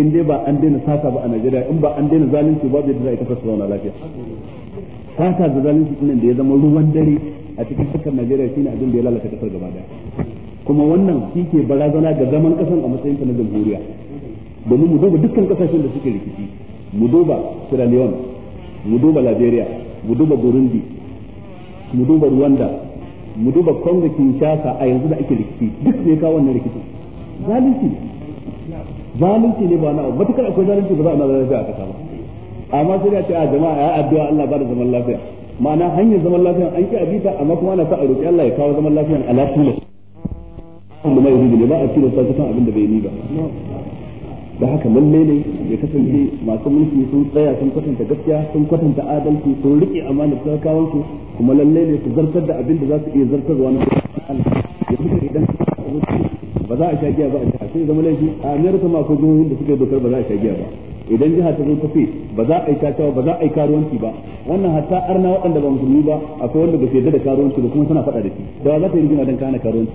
A: in dai ba an daina sata ba a Najeriya in ba an daina zalunci ba zai da za a kasar su lafiya sata da zalunci din da ya zama ruwan dare a cikin dukkan Najeriya shine abin da ya lalata kasar gaba daya kuma wannan shi ke barazana ga zaman kasan a matsayin ta na jamhuriya domin mu duba dukkan kasashen da suke rikici mu duba Sierra Leone mu duba Liberia mu duba Burundi mu duba Rwanda mu duba Congo Kinshasa a yanzu da ake rikici duk ne kawo wannan rikici zalunci zalunci ne ba na abu matukar akwai zalunci ba za a na zalunci a kasa ba amma sai da ce a jama'a ya addu'a Allah ba da zaman lafiya ma'ana hanyar zaman lafiya an ki abita amma kuma ana sa a roki Allah ya kawo zaman lafiya ala kullu kuma mai ne ba a cire sa kan abin da bai yi ba da haka lalle ne ya kasance masu mulki sun tsaya sun kwatanta gaskiya sun kwatanta adalci sun rike amana da kawon su kuma lalle ne su zartar da abin da za su iya zartarwa na Allah ya idan ba za a sha giya ba a sha sai zama laifi a America ma ko jihohin da suka yi dokar ba za a sha giya ba idan jiha ta zo tafi ba za a yi takawa ba za a yi karuwanci ba wannan hatta arna waɗanda ba musulmi ba akwai wanda ba su da karuwanci ba kuma suna faɗa da shi da za ka yi rigima dan ka hana karuwanci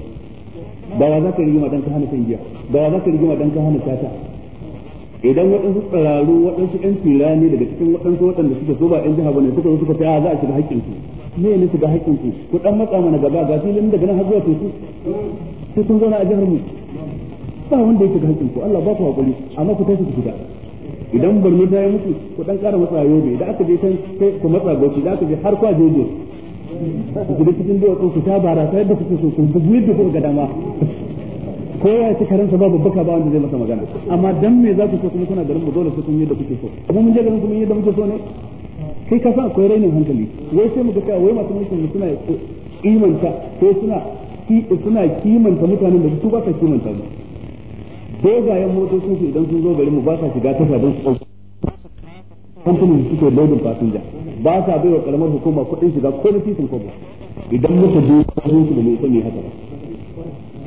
A: da wa za ka yi rigima dan ka hana shan giya da wa za ka yi rigima dan ka hana tata idan waɗansu tsararu waɗansu ƴan tira ne daga cikin waɗansu waɗanda suka so ba ƴan jiha bane suka zo suka ce za a shiga haƙƙin su me ne shiga haƙƙin su ku dan matsa mana gaba ga filin daga nan har zuwa teku sai kun zauna a jihar mu ba wanda ya shiga haƙƙin ku Allah ba ku haƙuri amma ku tashi ku shiga idan barni ta yi mutu ku dan kara masa yau bai da aka je can sai ku matsa gauci da aka je har kwa jeje ku da cikin da ku ta bara ta yadda kuke so kun bugu yadda kuka gada ma ko ya ci karansa babu baka ba wanda zai masa magana amma dan me za ku so kuma kuna garin mu dole sai kun yadda kuke so kuma mun je garin kuma yadda muke so ne kai ka san akwai rainin hankali wai sai mu ga wai masu mulkin suna imanta sai suna suna kimanta mutanen da su ba sa kimanta su dogayen motocin su idan sun zo gari mu ba sa shiga ta sabon su ɗauki kamfanin suke lodin fasinja ba sa bai wa karamar hukuma kuɗin shiga ko na titin kwabo idan muka je sun su da mai sani haka ba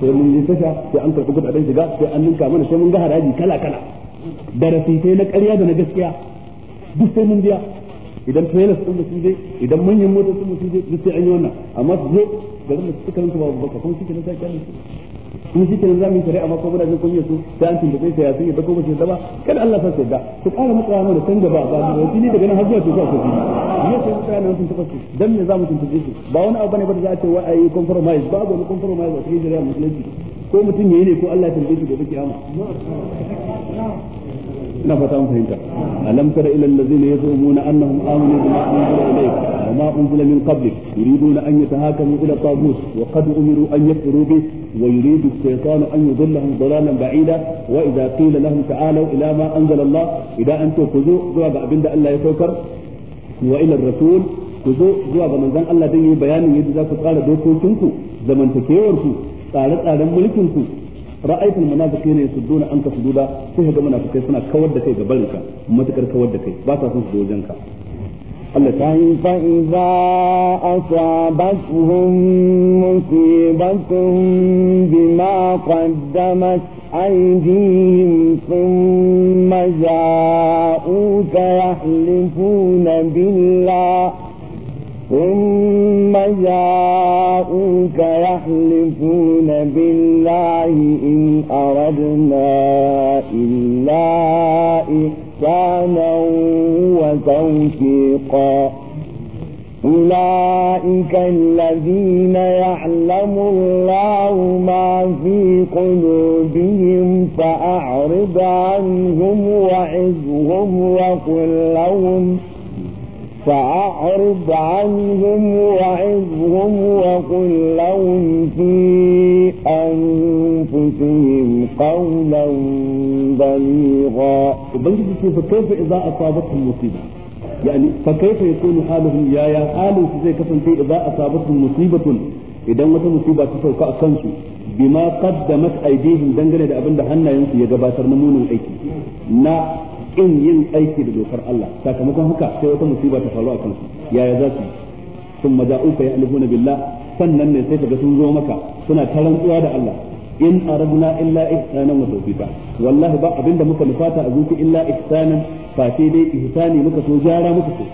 A: sai mun yi tasha sai an karɓi kuɗaɗen shiga sai an ninka mana sai mun ga haraji kala kala da rasitai na ƙarya da na gaskiya duk sai mun biya idan trailers din mutum je idan manyan motocin sun je duk sai an yi wannan amma su zo garin da suka karanta ba ba kuma suke na sa kyalin su in shi kenan zamu shari'a ma ko muna jin kunya su sai an tuntuɓe sai ya sun yadda ko ba su yadda ba kada Allah sa su da su ƙara muku ya da san gaba ba su wasi ne daga nan har zuwa su zuwa su ne sai muka yana tuntuɓa su dan me zamu tuntuɓe su ba wani abu bane ba da za a ce wa ayi compromise babu wani compromise a cikin shari'a musulunci ko mutum yayi ne ko Allah ya tambaye shi gobe kiyama ina fata mun fahimta alam tara ila allazina yazumuna annahum amanu bima unzila ilayk wa ma unzila min qablik yuriduna an yatahakamu ila taghut wa qad umiru an yakfuru bih wa yuridu ash-shaytanu an yudillahum dalalan ba'ida wa idha qila lahum ta'alu ila ma anzala allah idan antum kuzu zuwa ga abinda Allah ya saukar wa ila ar-rasul kuzu zuwa ga manzon Allah dan yi bayanin yadda za ku tsara ku zamantakewar ku tsare-tsaren mulkin ku ra'aytul munafiqina yasudduna anka sududa sai ga munafikai suna kawar da kai ga barinka matakar kawar da kai ba sa son su wajen ka Allah ta yi fa iza
C: asabatuhum musibatun bima qaddamat أيديهم ثم جاءوك يحلفون بالله ثم جاءوك يحلفون بالله إن أردنا إلا إحسانا وتوفيقا أولئك الذين يعلم الله ما في قلوبهم فأعرض عنهم وعزهم وقل لهم فأعرض عنهم وعظهم وقل لهم في أنفسهم
A: قولا بليغا وبنجد فكيف إذا أصابتهم مصيبة يعني فكيف يكون حالهم يا يا حال زي في إذا أصابتهم مصيبة إذا متى مصيبة تسوق كنسو بما قدمت أيديهم دنجل إذا أبن دهنا ينسي يجبات نمون الأيكي نا in yin aiki da dokar Allah sakamakon haka sai wata musiba ta faru a kansu yaya za su sun maja'uka ya alifuna billah sannan ne sai kaga sun zo maka suna ta rantsuwa da Allah in aradna illa ihsanan wa tawfiqa wallahi ba abinda muka nufata a zuci illa ihsanan fa sai dai ihsani muka so jara muka so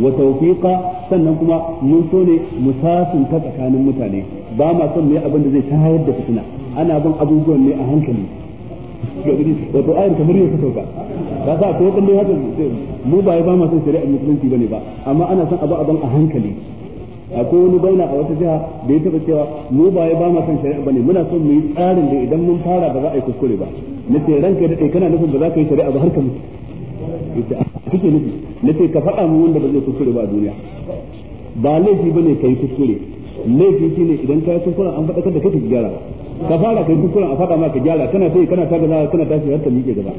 A: wa tawfiqa sannan kuma mun so ne musafin ta tsakanin mutane ba ma son mu abin da zai tayar da fitina ana bin abubuwan ne a hankali wato ayar kamar yau ta sauka ka sa ko kan dai haka mu ba ba ma son shari'ar musulunci bane ba amma ana son abu abin a hankali akwai wani gwamna a wata jiha da ya taba cewa mu ba ba ma son shari'a bane muna son mu yi tsarin da idan mun fara ba za a yi kuskure ba na ce ranka da kana nufin ba za ka yi shari'a ba har ka mutu ah, kike nufi na ce ka faɗa mu wanda ba zai kuskure ba a duniya ba laifi bane ka yi kuskure laifi shine idan ka yi kuskure an faɗa da kake gyara ka fara kai kuskuren a faɗa ma ka gyara kana sai kana ta gaza kana tashi har ta miƙe gaba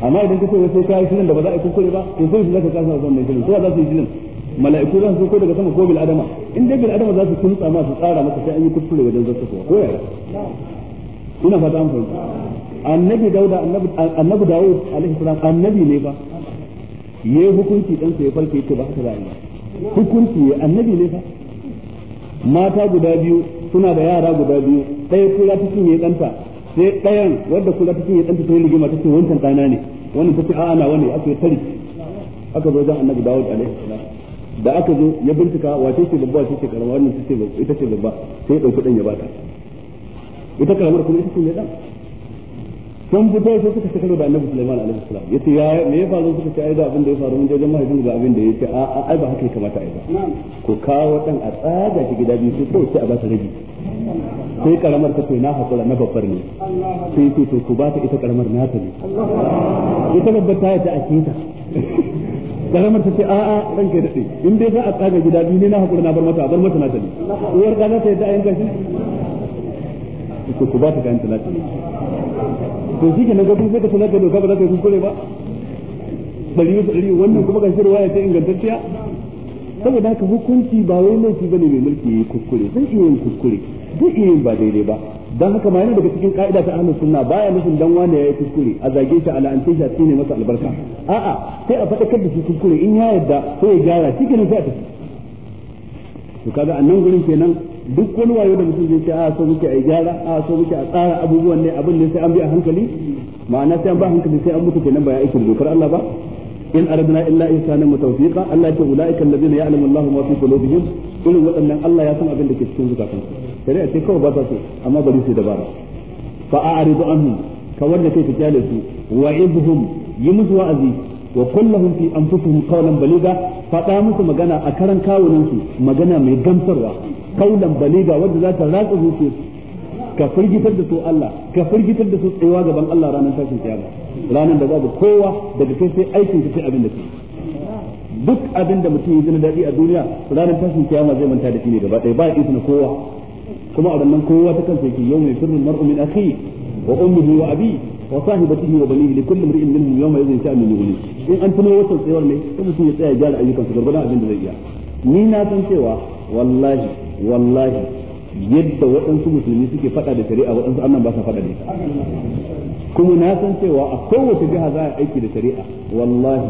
A: amma idan ka ce sai kai shirin da ba za a yi kuskure ba to sai su zaka kasa wannan shirin to za su yi shirin mala'iku za su ko daga sama ko bil adama in dai bil adama za su tunsa ma su tsara maka sai an yi kuskure wajen zaka ko ko ya ina fata an fahimta annabi dauda annabi annabi dawud alaihi salam annabi ne ba yayi hukunci dan sai farke ta ba haka za hukunci annabi ne ba mata guda biyu suna da yara guda biyu ɗaya kura ta cinye ɗanta sai ɗayan wadda kura ta cinye ɗanta sai rigima ta ce wancan ɗana ne wannan ta ce a ana wani aka yi tari aka zo zan annabi dawud alaihi da aka zo ya bincika wace ce babba wace ce karama wannan ce ita ce babba sai ya ɗauki ɗan ya bata ita karamar kuma ita ce mai ɗan sun fito sai suka shigar da annabi Sulaiman alaihi salam yace ya me ya faru suka ce ai da abin da ya faru mun je wajen mahaifin ga abin da yace a a ai ba haka ya kamata ai ba ko kawo ɗan a tsaga shi gida biyu sai kawai sai a ba ta rage sai karamar ta ce na haƙura na babbar ne sai ce to ku ba ta ita karamar na ta ne ita babbar ta yata a kinta karamar ta ce a a ranka da daɗe in dai za a tsaga gida biyu ne na haƙura na bar mata a bar mata na ta ne uwar ta ta yadda a yanka shi ku ba ta kayan talata ne to shi ke nan gabi sai ka talata da doka ba za ka yi kuskure ba ɗari bisa ɗari wannan kuma ka shirwa ya ce ingantacciya saboda haka hukunci ba wai laifi bane mai mulki yayi kuskure zai iya yin kuskure duk iya yin ba daidai ba dan haka ma yana daga cikin ka'ida ta ahlus sunna baya nufin dan wanda yayi kuskure a zage shi ala ante shi shine masa albarka a'a sai a fadakar da shi kuskure in ya yarda sai ya gyara cikin sai a tafi to kaga annan gurin kenan duk wani wayo da mutum zai ce a so muke a gyara a so muke a tsara abubuwan ne abin ne sai an bi a hankali ma'ana sai an ba hankali sai an mutu kenan ba ya aikin dokar Allah ba in aradna illa insana mutawfiqa Allah ya ce ulaika allazina ya'lamu Allahu ma fi qulubihim irin waɗannan Allah ya san abin da ke cikin zukatansu shari'a ce kawai ba ta so amma bari su dabara fa a'ridu anhum ka wanda kai ka kyale su wa'idhum yi musu wa'azi wa kullahum fi anfusihim qawlan baliga faɗa musu magana a karan kawunan su magana mai gamsarwa kaulan baliga wanda za ta ratsa zuciyarsu ka firgitar da su Allah ka firgitar da su tsayuwa gaban Allah ranar tashin kiyama ranar da babu kowa daga kai sai aikin ka sai abin da ke duk abin da mutum ya na daɗi a duniya ranar tashin kiyama zai manta da shi ne gaba ɗaya ba ya isa na kowa kuma a wannan kowa ta kansa yake yau mai sirrin mar'u min akhi wa ummihi wa abi wa sahibatihi wa banihi li kulli imrin minhum yawma idhin sha'nu yughni in an tuno wata tsayuwar ne kuma mutum ya tsaya ya gyara ayyukansa gurgurdan abin da zai iya ni na san cewa wallahi wallahi yadda waɗansu musulmi suke faɗa da shari'a waɗansu annan ba sa faɗa da ita kuma na san cewa a kowace jiha za a yi aiki da shari'a wallahi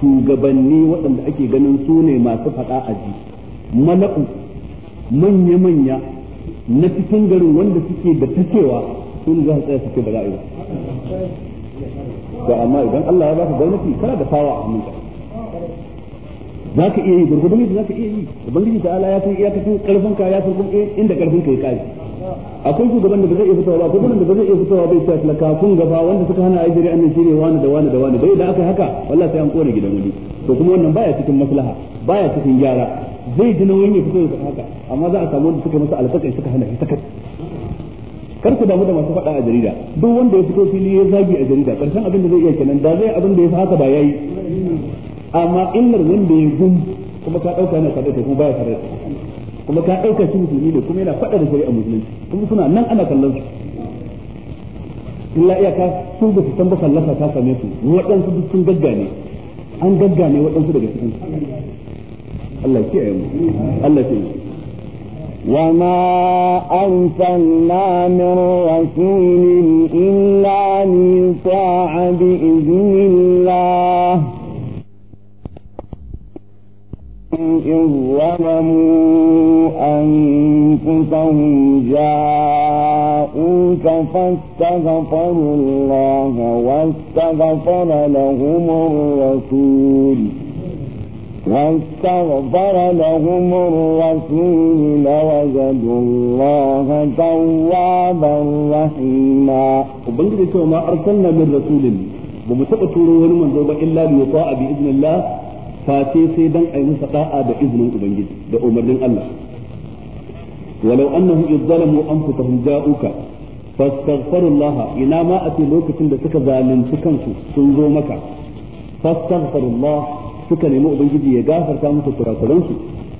A: shugabanni waɗanda ake ganin su ne masu faɗa a ji mala'u manya-manya na cikin garin wanda suke da ta cewa za su tsaya suke da za a
B: ba amma idan Allah ya ba ka gwamnati kana da fawa
A: a hannunka za ka iya yi gurgudun ne za ka iya yi ubangiji ta ala ya san iyakacin karfin ka ya san kuma inda karfin ka ya kare akwai shugaban da ba zai iya fitowa ba akwai da ba zai iya fitowa bai cewa talaka kun gaba wanda suka hana ajiyar annin shine wani da wani da wani dai da aka haka wallahi sai an kore gidan wani to kuma wannan baya cikin maslaha baya cikin gyara zai ji nauyin ya fito ya haka amma za a samu wanda suka masa alƙaƙai suka hana shi sakat kar ku damu da masu faɗa a jarida duk wanda ya fito fili ya zagi a jarida karshen abin da zai iya kenan da zai abin da ya fi haka ba yayi amma illar wanda ya gum kuma ka dauka yana tare da kuma baya tare da kuma ka dauka shi musulmi ne kuma yana fada da shari'a musulunci kuma suna nan ana kallon su illa ka sun da su san ba sallafa ta same su waɗansu duk sun gaggane an gaggane waɗansu daga cikin Allah ya yi mu Allah ya
C: وما أرسلنا من رسول إلا ليطاع بإذن الله إذ ظلموا أنفسهم جاءوك فاستغفر الله واستغفر لهم الرسول واستغفر لهم الرسول
A: لوجدوا الله توابا رحيما وبلغتوا ما أرسلنا من رسول بمتقطر ونمن ذوبا إلا ليطاع بإذن الله face sai dan ai musu da'a da izinin ubangiji da umarnin Allah walau annahum izzalamu anfusahum ja'uka fastaghfirullah ina ma a ce lokacin da suka zalunci kansu sun zo maka fastaghfirullah suka nemi ubangiji ya gafarta musu kurakuransu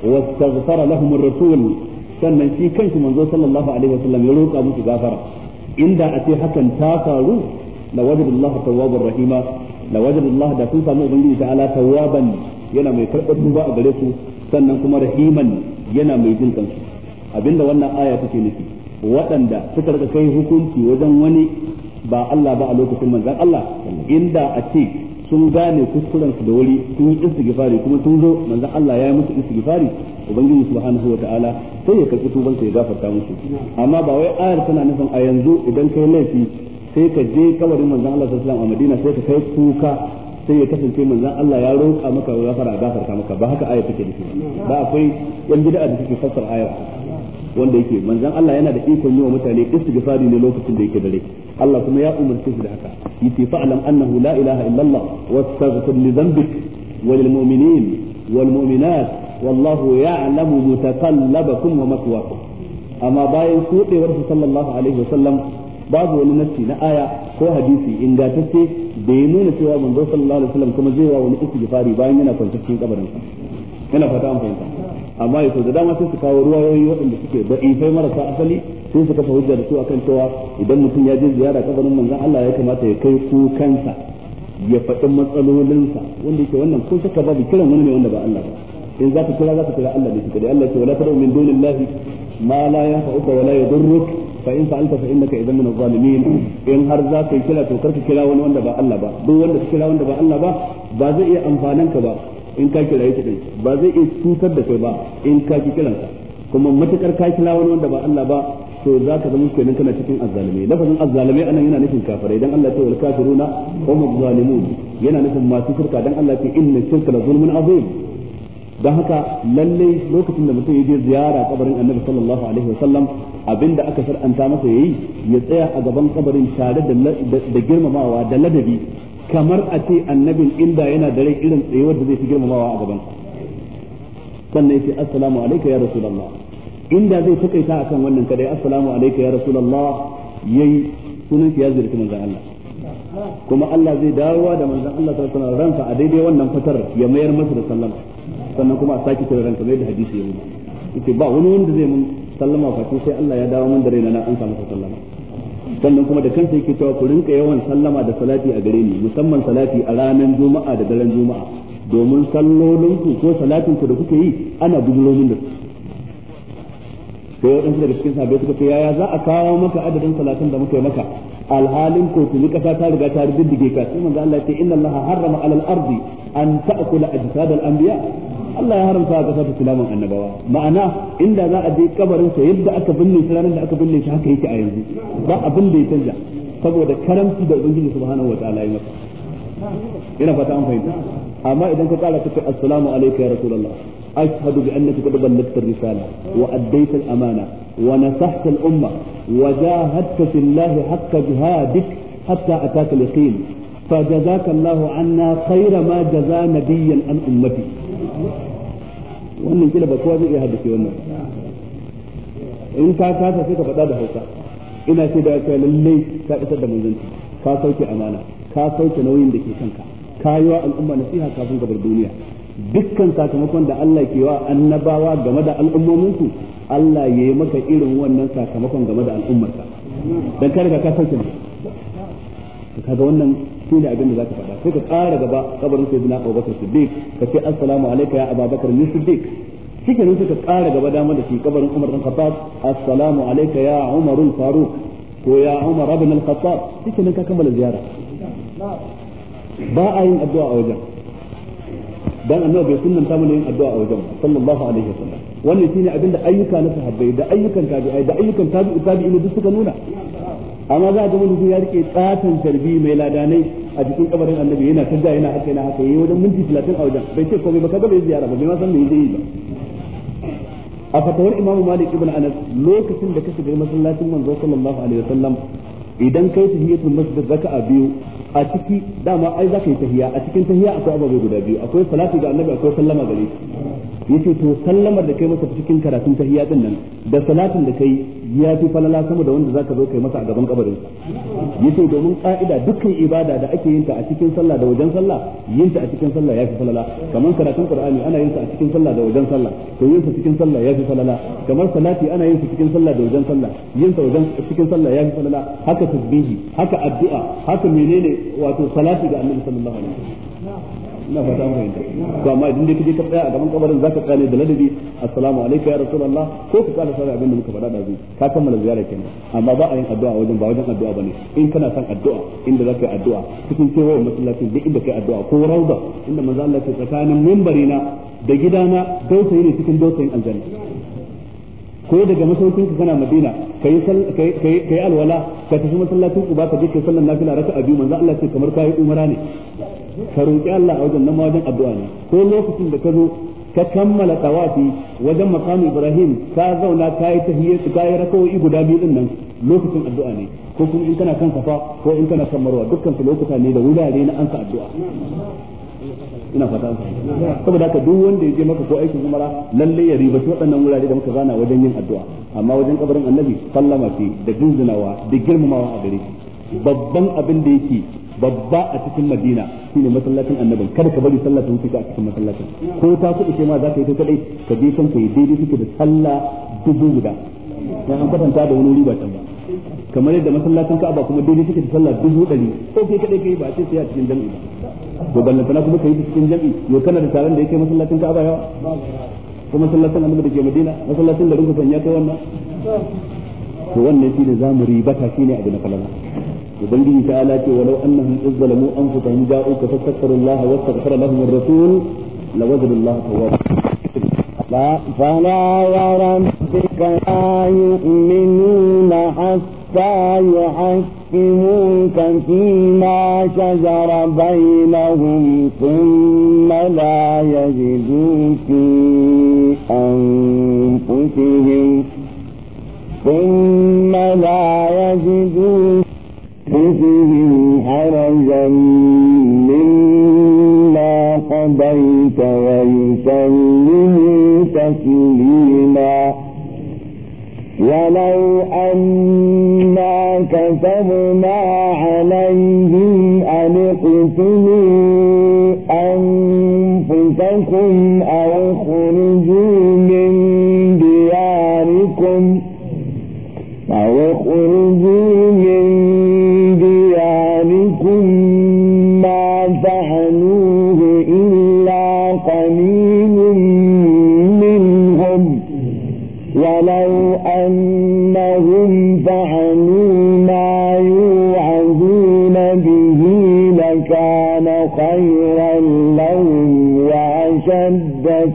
A: wastaghfara lahum ar-rasul sannan shi kansu manzo sallallahu alaihi wasallam ya roƙa musu gafara inda a ce hakan ta faru la wajadallahu tawwabur rahima la wajadallahu da sun samu ubangiji ala tawaban yana mai karɓar tuba a gare su sannan kuma rahiman yana mai jin kansu abinda wannan aya take nufi waɗanda suka rika kai hukunci wajen wani ba Allah ba a lokacin manzan Allah inda a ce sun gane kuskuren su da wuri sun yi istighfari kuma sun zo manzan Allah ya yi musu istighfari ubangiji subhanahu wataala sai ya karɓi tuban ya gafarta musu amma ba wai ayar tana nufin a yanzu idan kai laifi sai ka je kabarin manzon Allah sallallahu alaihi wasallam a Madina sai ka kai kuka sai ya kasance manzon Allah ya roƙa maka gafara gafarta maka ba haka aya take nufi ba akwai yan bid'a da suke fassara ayar wanda yake manzon Allah yana da ikon yi wa mutane istighfari ne lokacin da yake dare Allah kuma ya umarce shi da haka yace fa'lam annahu la ilaha illallah wastaghfir li dhanbik wa lil mu'minin wal mu'minat wallahu ya'lamu mutaqallabakum wa maswaakum amma bayan shuɗewar sallallahu alaihi wasallam babu wani nassi na aya ko hadisi ingantacce da ya nuna cewa manzo sallallahu alaihi wasallam kuma zai wa wani jifari bayan yana kwance cikin kabarin sa yana fata an fahimta amma yaso da dama sai su kawo ruwayoyi waɗanda suke da'ifai marasa asali sai su kafa hujja da su akan cewa idan mutum ya je ziyara kabarin manzon Allah ya kamata ya kai kukansa ya faɗi matsalolinsa wanda yake wannan ko saka babu kiran wani ne wanda ba Allah ba in za ka kira za ka kira Allah ne kada Allah ce wala tad'u min dunillahi ma la yanfa'uka wala la fa in fa'alta fa innaka idan min zalimin in har za ka kira to karka kira wani wanda ba Allah ba duk wanda ka kira wanda ba Allah ba ba zai iya amfanan ka ba in ka kira yake din ba zai iya cutar da kai ba in ka ki ka. kuma matakar ka kira wani wanda ba Allah ba to za ka zama kenan kana cikin azzalimai lafazin azzalimai anan yana nufin kafirai dan Allah ya ce wal kafiruna hum zalimun yana nufin masu shirka dan Allah ya ce inna shirka la zulmun azim dan haka lalle lokacin da mutum ya je ziyara kabarin Annabi sallallahu alaihi wasallam Abin da aka shar'anta masa ya yi ya tsaya a gaban kabarin tare da girmamawa da ladabi kamar a ce annabin inda yana da rai irin tsayuwar da zai fi girmamawa a gaban sannan ya yace assalamu alayka ya rasulullah inda zai takaita akan wannan kadai assalamu alayka ya rasulullah yayi sunan shi ya zirki manzon Allah kuma Allah zai dawo da manzon Allah sallallahu alaihi wasallam ransa a daidai wannan fatar ya mayar masa da sallama sannan kuma a sake kira ranka mai da hadisi ya nuna yace ba wani wanda zai mun sallama fa sai Allah ya dawo min da raina na an samu sallama sannan kuma da kansa yake cewa ku rinka yawan sallama da salati a gare ni musamman salati a ranar juma'a da daren juma'a domin ku ko salatinku da kuke yi ana bugulomin da su sai waɗansu daga cikin sabai suka ce yaya za a kawo maka adadin salatin da muka yi maka alhalin ko tuni kasa ta riga ta riddige ka sai manzo Allah ya ce inna Allah harrama alal ardi an ta'kula ajsad al anbiya Allah ya haramta a kasa ta annabawa ma'ana inda za a je kabarin sa yadda aka binne shi ranar da aka binne shi haka yake a yanzu ba abin da ya canja saboda karamci da ubangiji subhanahu wa ta'ala ya
B: masa
A: ina fata an fahimta amma idan ka kara kace assalamu alayka ya rasulullah ashhadu bi annaka qad ballaghta risala wa addayta al-amana wa nasahta al-umma wa jahadta fillahi haqqa jihadik hatta ataka al-yaqin فجزاك الله عنا خير ما جزى نبيا an امتي
B: wannan
A: kila ba kowa zai iya haddace wannan in ka kasa sai ka faɗa da hausa ina ce da kai lallai ka isar da manzanci ka sauke amana ka sauke nauyin da ke kanka ka yi wa al'umma nasiha kafin gabar duniya dukkan sakamakon da Allah ke wa annabawa game da al'ummominku Allah ya yi maka irin wannan sakamakon game da al'ummarka dan kada ka kasance ga wannan shine abin da zaka faɗa sai ka ƙara gaba kabarin sayyidina Abubakar Siddiq ka ce assalamu ya ni Siddiq ƙara gaba dama da shi kabarin Umar bin Khattab assalamu ya Umar ko ya Umar al-Khattab ka kammala ziyara ba a yin addu'a a wajen dan annabi bai mana yin addu'a a wajen sallallahu alaihi wasallam wannan shine abinda ayyuka na sahabbai da ayyukan tabi'ai da ayyukan tabi'u tabi'in duk suka nuna amma za a ga wani ya rike tsatan tarbi mai ladanai a cikin kabarin annabi yana ta yana haka yana haka yayi wajen minti 30 a wajen bai ce komai ba kaga bai ziyara ba bai ma san me zai yi ba a fatawar imam malik ibn anas lokacin da ka shiga masallacin manzo sallallahu alaihi wasallam idan kai tahiyatul masjid a biyu a ciki dama ai zaka yi tahiya a cikin tahiya akwai ababai guda biyu akwai salatu ga annabi akwai sallama gare shi yace to sallamar da kai masa cikin karatun tahiyatin nan da salatin da kai ya fi falala sama da wanda zaka zo kai masa a gaban kabarin yace domin ka'ida dukkan ibada da ake yin ta a cikin sallah da wajen sallah yin ta a cikin sallah ya fi falala kamar karatun qur'ani ana yin ta a cikin sallah da wajen sallah to yin ta cikin sallah ya fi falala kamar salati ana yin ta cikin sallah da wajen sallah yin ta wajen cikin sallah ya fi falala haka tasbihi haka addu'a haka menene wato salati ga annabi sallallahu alaihi wasallam ina fata mun fahimta to amma idan dai kaje ka tsaya a gaban kabarin zaka tsane da ladabi assalamu alayka ya rasulullah ko ka kala sarar abin da muka faɗa da ka kammala ziyara kenan amma ba a yin addu'a wajen ba wajen addu'a bane in kana son addu'a inda zaka yi addu'a cikin kewaye masallacin duk inda kai addu'a ko rauda inda manzo Allah ya tsakanin minbari na da gidana dausayi ne cikin dausayin aljanna ko daga masaukin ka kana madina kai kai kai alwala ka tafi masallacin uba ka je kai sallar nafila raka'a biyu manzo Allah ce kamar kai umara ne ka roki Allah a wajen nan ma wajen addu'a ne ko lokacin da ka zo ka kammala tawafi wajen makamin Ibrahim ka zauna ka yi ka yi rakawoyi guda biyu din nan lokacin addu'a ne ko kuma in kana kan safa ko in kana kan marwa dukkan su lokuta ne da wurare na ka addu'a ina fata su saboda haka duk wanda ya je maka ko aikin umara lalle ya ribaci waɗannan wurare da muka gana wajen yin addu'a amma wajen kabarin annabi sallama fi da dunzunawa da girmamawa a gare shi babban abin da yake babba a cikin madina shine masallacin annabin kada ka bari sallah ta wuce a cikin masallacin ko ta kuɗi ce ma za ka yi ta kadai ka je ka yi daidai suke da sallah dubu guda ya an kwatanta da wani wuri ba can ba kamar yadda masallacin ka'aba kuma daidai suke da sallah dubu ɗari ko kai kadai yi ba a ce sai a cikin jami'i ba to ballantana kuma kai yi cikin jami'i yo kana da taron da yake masallacin ka yawa ko masallacin Annabi da ke Madina masallacin garin ku ya kai wannan to wannan shi ne zamu ribata shine abu na falala ubangiji ta ala ce walau annahum izzalamu anfusahum ja'u ka fastaghfirullaha wastaghfara lahum ar-rasul lawajadu Allah tawwab فلا وربك
C: لا يؤمنون حتى يحكموك فيما شجر بينهم ثم لا يجدوا في أنفسهم ثم لا يجدوا فيهم حرجا مما قضيت ويسلموا تسليما ولو أنا كتبنا عليهم أن اقتلوا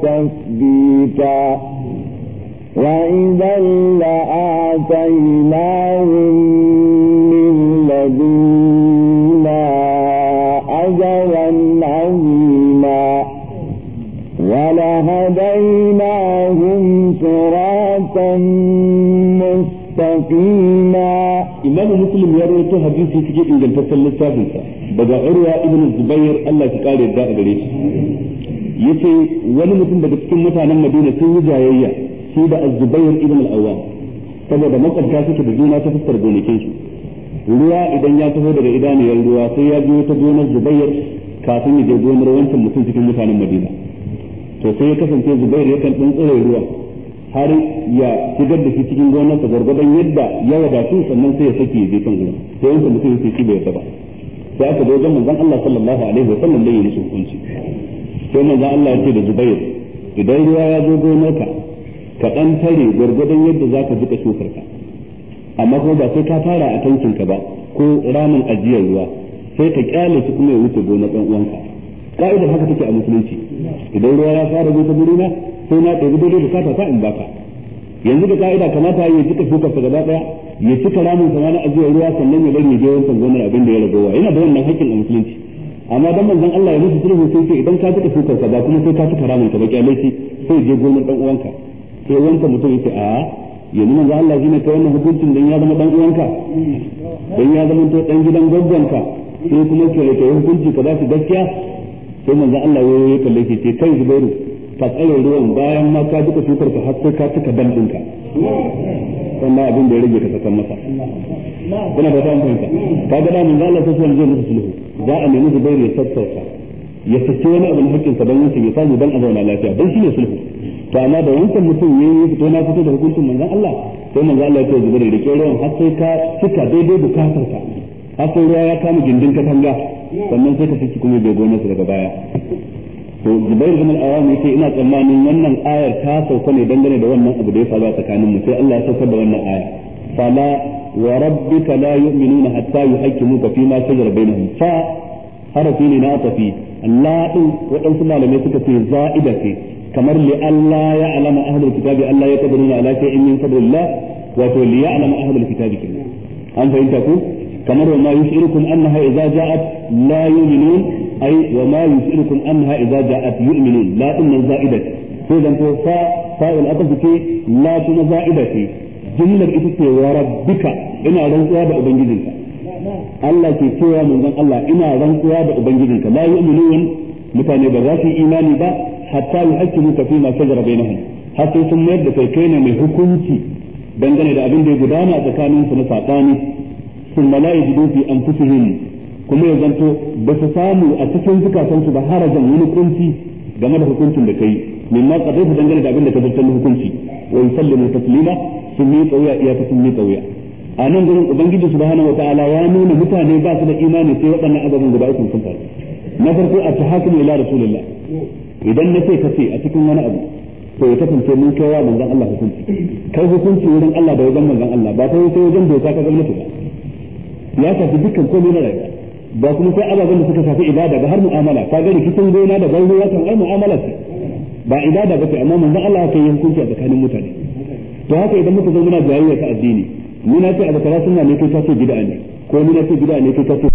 C: تثبيتا وإذا لآتيناهم من لدنا أجرا عظيما ولهديناهم صراطا
A: مستقيما إمام مسلم يروي حديث في إنجلترا للتابعين daga بدأ ibn ابن الزبير ya kare da yace wani mutum daga cikin mutanen Madina sun yi jayayya shi da Az-Zubair ibn al-Awwam saboda makwabta suke da juna ta fuskar gonakin su ruwa idan ya taho daga idaniyar ruwa sai ya biyo ta gonar Zubair kafin ya je gonar wancan mutum cikin mutanen Madina to sai ya kasance Zubair yakan dan tsare ruwa har ya shigar da shi cikin gonar sa gargadan yadda ya wadatu sannan sai ya sake je kan ruwa sai wancan mutum yake shi bai ba sai aka zo manzon Allah sallallahu alaihi wa sallam da yi hukunci sai za Allah ya ce da Zubair idan ruwa ya zo gonarka ka dan tare gurgurdan yadda zaka jika shukar ka amma kuma ba sai ka fara a tankin ka ba ko ramin ajiyar ruwa sai ka kyale shi kuma ya wuce gonar dan uwanka ka'idar haka take a musulunci idan ruwa ya fara zo ta gurina sai na dole da bukata ta in baka yanzu da ka'ida kamata ya cika shukar sa gaba daya ya cika ramin sa na ajiyar ruwa sannan ya bar ya je wancan gonar abin da ya ragowa yana da wannan haƙƙin a musulunci amma dan manzon Allah ya musu sulhu sai ce idan ka tuka sukar ka ba kuma sai ka tuka ramin ka ba kyale shi sai je gurin dan uwanka sai wanka mutum yace a yanzu ga Allah shine kai wannan hukuncin dan ya zama dan uwanka dan ya zama to dan gidan gaggonka sai kuma ke da hukunci ka ba shi gaskiya sai manzon Allah ya yi kalle shi ce kai Zubairu ka tsare ruwan bayan ma ka duka sukar ka har sai ka tuka dan ɗinka sannan abin da ya rage ka masa kuna fata an fahimta kaga da mun Allah sai zai musu sulhu za a nemi su bayar ya tattauta ya fice wani abin hakkin sa dan yake ya samu dan a zauna lafiya don shi ne sulhu to amma da wancan mutum ya yi fito na fito da hukuncin manzan Allah sai manzan Allah ya ce zubar da ke ruwan har sai ka cika daidai bukatar ka har sai ruwa ya kama gindin katanga sannan sai ka fice kuma bai gona su daga baya to zubair bin al-awam yake ina tsammanin wannan ayar ta sauka ne dangane da wannan abu da ya faru tsakanin mu sai Allah ya saukar da wannan aya fala wa rabbika la yu'minuna hatta yuhaqqimuka fi ma shajara bainahum fa harafi ne na atafi la din wadansu malamai suka ce za'ida ce kamar li Allah ya alama ahlul kitabi Allah ya kadruna ala shay'in min fadlillah wato li ya'lama ahlul kitabi kin an fahimta ku kamar wa ma yushirukum annaha idza ja'at la yu'minun ai wa ma yusirukum anha idza ja'at yu'minun la inna za'idat ko dan ko fa fa'il abas ke la kuma za'idati jumlar ita ce wa rabbika ina rantsuwa da ubangijinka Allah ke cewa manzon Allah ina rantsuwa da ubangijinka la yu'minun mutane ba za su imani ba hatta yuhaqqimuka fi ma shajara bainahum har sai sun mayar da kai kai ne mai hukunci dangane da abin da ya gudana a su na saɓani sun mala'i fi anfusihim kuma ya zanto ba su samu a cikin zukatansu ba harajan wani kunci game da hukuncin da kai mimma su dangane da abin da ka zartar hukunci wa yusallimu taslima sun tsauya iya iyaka sun miƙa tsauya. a nan gurin ubangiji subhanahu wataala ya nuna mutane ba su da imani sai waɗannan azabin guda uku sun faru na farko a tahakum ila rasulillah idan na ce ka ce a cikin wani abu to ya kasance mun kaiwa manzon Allah hukunci kai hukunci wurin Allah da wajen manzon Allah ba ta sai wajen doka ta gwamnati ba ya tafi dukkan komai na rayuwa ba kuma sai ababen da suka shafi ibada ba har mu'amala ka gani rikicin gona da bango ya kan ai mu'amala ce ba ibada ba ce amma manzon Allah ya yi hukunci a tsakanin mutane to haka idan muka zo muna jayayya ta addini ni na ce abu kaza suna ne kai ta ce bid'a ne ko ni na ce bid'a ne kai ta ce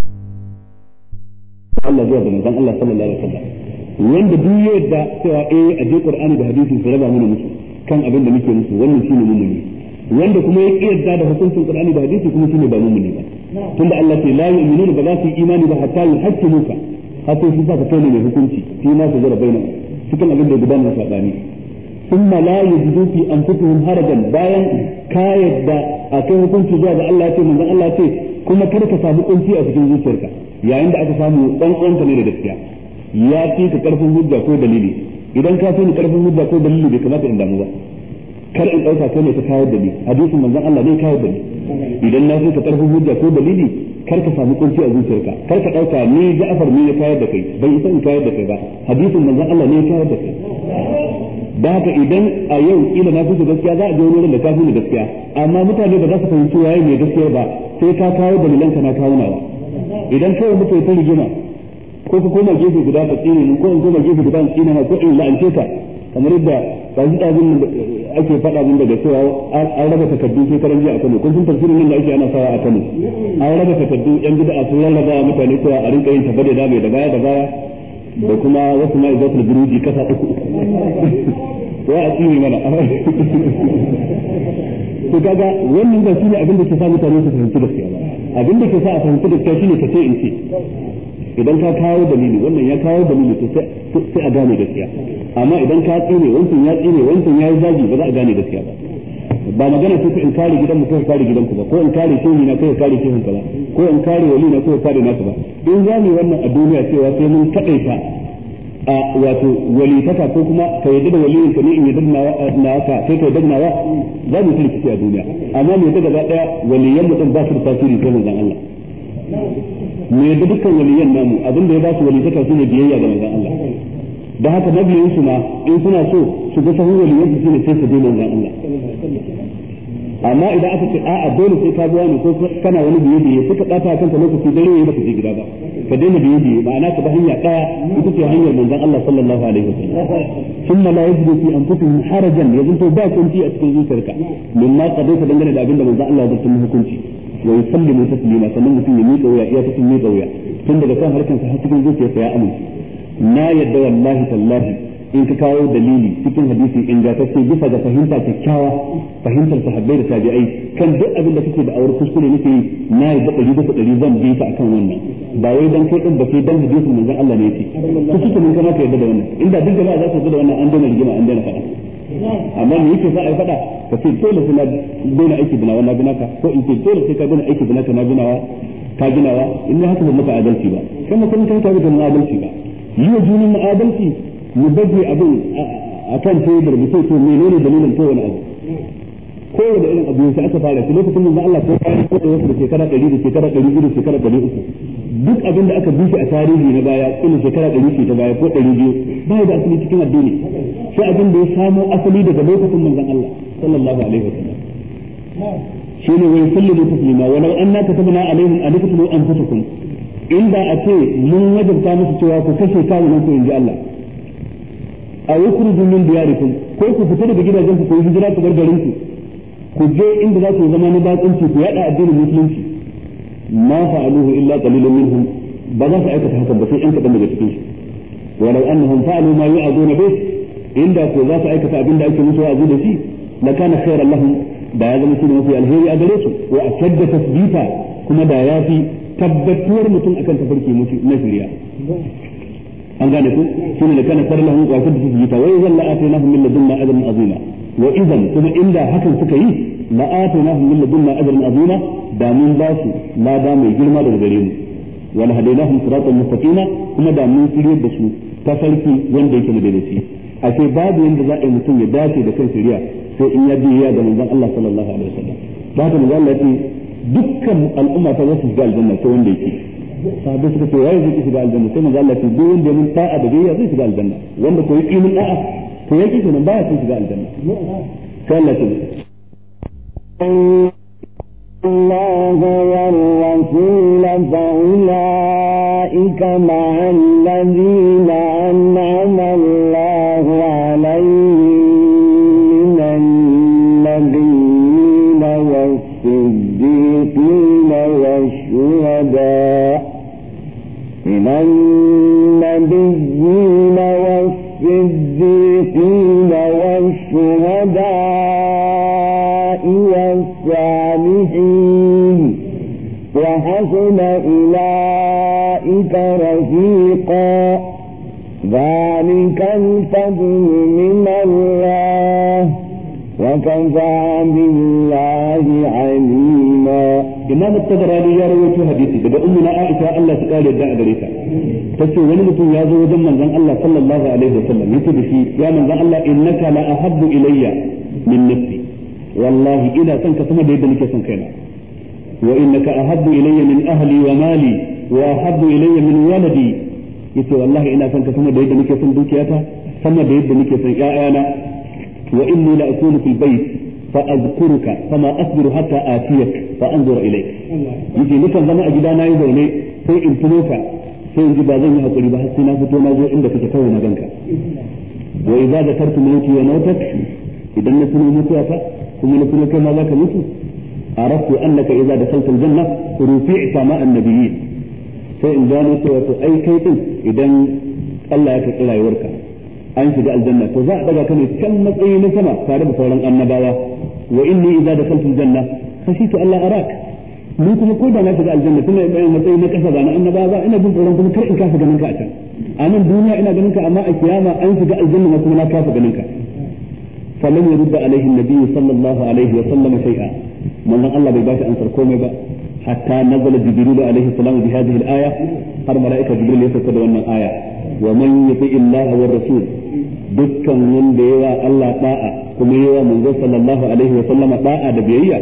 A: Allah zuwa da dan Allah sallallahu alaihi wasallam wanda duk yadda cewa eh a je Qur'ani da hadisi su raba mana musu kan abin da muke musu wannan shine mummuni wanda kuma ya kiyarda da hukuncin Qur'ani da hadisi kuma shine ba mu'mini ba tunda Allah ce la yu'minuna ba za su yi imani ba hatta yuhaqqimuka hatta su sa ka kai mai hukunci shi ma su jira baina cikin abin da gudana sabani thumma la yajidu fi anfusihim harajan bayan ka yadda akai hukunci zuwa ga Allah ya ce manzon Allah ce kuma kar ka samu kunci a cikin zuciyarka yayin da aka samu dan uwanka ne da gaskiya ya fi ka karfin hujja ko dalili idan ka fi ni karfin hujja ko dalili bai kamata in damu ba kar in ɗauka kai ne ka kawo da ni hadisin manzon Allah ne kawo da ni idan na ka karfin hujja ko dalili kar ka samu kunci a zuciyarka kar ka ɗauka ni Ja'far ne ya kayar da kai bai isa in kawo da kai ba hadisin manzon Allah ne kawo da kai da haka idan a yau ila na fita gaskiya za a je wurin da ka fi gaskiya amma mutane ba za su fahimci waye mai gaskiya ba sai ka kawo dalilanka na kawo nawa idan kawai muka yi ta rigima ko ka koma gefe guda ka tsine ko in koma gefe guda in tsine ko in la'ance ka kamar yadda ba su ɗazin ake faɗa min daga cewa an raba takardu sai karan jiya a Kano kun san tafsirin nan da ake ana sawa a Kano an raba takardu yan gida a sun rarraba mutane cewa a rinka yin tabbade da mai da baya da baya da kuma wasu ma izatul buruji kasa uku wa a tsini mana to kaga wannan ba shine abin da ke sa mutane su fahimci gaskiya ba abin da ke sa a fahimci gaskiya shine ka ce in ce idan ka kawo dalili wannan ya kawo dalili to sai a gane gaskiya amma idan ka tsine wancan ya tsine wancan ya yi zagi ba za a gane gaskiya ba ba magana ce in kare gidan mu ko in kare gidan ku ba ko in kare shehi na ko in kare shehin ba ko in kare wali na ko in kare nasu ba in za mu wannan a duniya cewa sai mun kadaita a wato walitaka ko kuma ka yadda da wali ka ne in yadda na ka sai ka yadda na wa za mu tsirkice a duniya amma mu yadda gaba daya waliyan mu din ba su da tasiri ko manzon Allah
B: me
A: da dukkan waliyan namu abin da ya ba su walitaka su ne biyayya ga manzon Allah da haka mabiyan su ma in suna so su ga sahun waliyan su ne sai su bi manzon Allah amma idan aka ce a'a dole sai ka zuwa ne ko kana wani biye biye suka ɗata a ta lokaci dare ba baka je gida ba ka daina biye biye ma'ana ka ba hanya ɗaya ita ce hanyar manzon Allah sallallahu alaihi wa sun ma la yajidu fi anfusihim harajan to ba kunci a cikin zuciyarka mimma ka dangane da abin da manzon Allah ya mu hukunci wa yusallimu taslima sannan mutum ya miƙa wuya iya sun miƙa wuya tun daga kan harkan sa har cikin zuciyarsa ya amince na yadda wallahi tallahi in ka kawo dalili cikin hadisi in ingantacce bisa ga fahimta kyakkyawa fahimtar sahabbai da tabi'ai kan duk abin da kake da aure kuskure nake yi na yadda ɗari bisa ɗari zan bi ka akan wannan ba wai dan kai din ba sai dan hadisin manzon Allah ne yake kuskure mun kama ka yadda da wannan inda duk jama'a za su yadda da wannan an daina rigima an daina faɗa amma me yake sa a fada ka ce dole sai na gina aiki bina wannan bina ka ko in ce dole sai ka gina aiki bina ka na wa ka gina wa in ne haka ba maka adalci ba kan mutum kun tantance da na adalci ba yi wa junan na adalci mu bade abin a kan to da rubuce to menene dalilin to wani abu ko da irin abu sai aka fara shi lokacin da Allah ko kai ko da wasu da shekara 100 da shekara 100 da shekara 300 duk abin da aka bi a tarihi na baya kuma shekara 100 ta baya ko 200 bai da asali cikin addini shi abin da ya samo asali daga lokacin manzon Allah sallallahu alaihi wasallam shi ne wai kullu taslima walau anna katabna alaihim an yaqtulu anfusakum inda a ce mun wajabta musu cewa ku kashe kawunan ku inji Allah a yukhruju min diyarikum ko ku fita daga gidajen ku ku hijira ku bar garin ku ku je inda za ku zama na bakunci ku yada addinin musulunci ma fa'aluhu illa qalilun minhum ba za su aikata haka ba sai an kadan daga cikin su ولو انهم فعلوا ما يوعظون به inda ko za su aikata abin da ake mutuwa wa'azi da shi la kana khairan lahum da ya zama shine mafi alheri a gare su wa a ashadda tasbita kuma da ya fi tabbatuwar mutum akan tafarki mutu na shari'a an gane ku shine la kana khairan lahum wa ashadda tasbita wa idan la atainahum min ladunna ajran azima wa idan kuma inda hakan suka yi la atainahum min ladunna ajran azima da mun ba su lada mai girma daga gare mu wa la hadainahum siratan mustaqima kuma da mun shirye da su tafarki wanda yake madaidaici ashe babu yanda za a yi mutum ya dace da kan shari'a sai in ya biya ga manzon Allah sallallahu alaihi wasallam da haka manzon Allah ya ce dukkan al'umma ta za su shiga aljanna ta wanda yake sabu suka ce wai zai shiga aljanna sai manzon Allah ya ce duk wanda ya mun ta'a da biya zai shiga aljanna wanda ko yi mun da'a to yake kenan ba son shiga aljanna sai Allah ya ce
C: الله والرسول فأولئك مع الذين والصديقين والشهداء والصالحين وحسن أولئك رفيقا ذلك الفضل من الله وكفى
A: بالله عليما إمام الطبراني يروي حديث daga ummuna Aisha Allah ta kare da gare ta tace wani mutum ya zo wajen manzon Allah sallallahu alaihi wasallam yace da shi ya manzon Allah innaka la ahabbu ilayya min nafsi wallahi ina son ka sama da yadda nake son kaina wa innaka ahabbu ilayya min ahli wa mali wa ahabbu ilayya min waladi yace wallahi ina son ka sama da yadda nake son dukiyata sama da yadda nake son ƴaƴana wa inni la akunu fil bayt fa azkuruka fama asbiru hatta atiyak fa anzur ilayk yace nikan zama a gida na yi zaune sai in tuno ka sai in ji ba zan yi hakuri ba har sai na fito na zo inda kake kawai na ganka wa idza zakartu mauti wa mautak idan na tuno mutuwa ta kuma na tuno kai ma zaka mutu araftu annaka idza dakhalta aljanna rufi'ta ma annabiyyin sai in gano cewa to ai kai din idan Allah ya rayuwarka an aljanna to za a ka ne can matsayi na sama tare da sauran annabawa wa khashitu alla arak ni kuma ko da na shiga aljanna tun ina matsayi na kasa ba na annaba ba ina jin tsoron kuma kar in kasa ganin ka a can a nan duniya ina ganin ka amma a kiyama an shiga aljanna ma kuma na kasa ganin ka فلم يرد عليه النبي صلى الله عليه وسلم شيئا من الله بيباشا أنصر كومي بقى حتى نزل جبريل عليه السلام بهذه الآية قال ملائكة جبريل يسكت أن الآية ومن يطيع الله والرسول دكا من ديوا الله طاعة كما يوا من صلى الله عليه وسلم طاعة دبيعية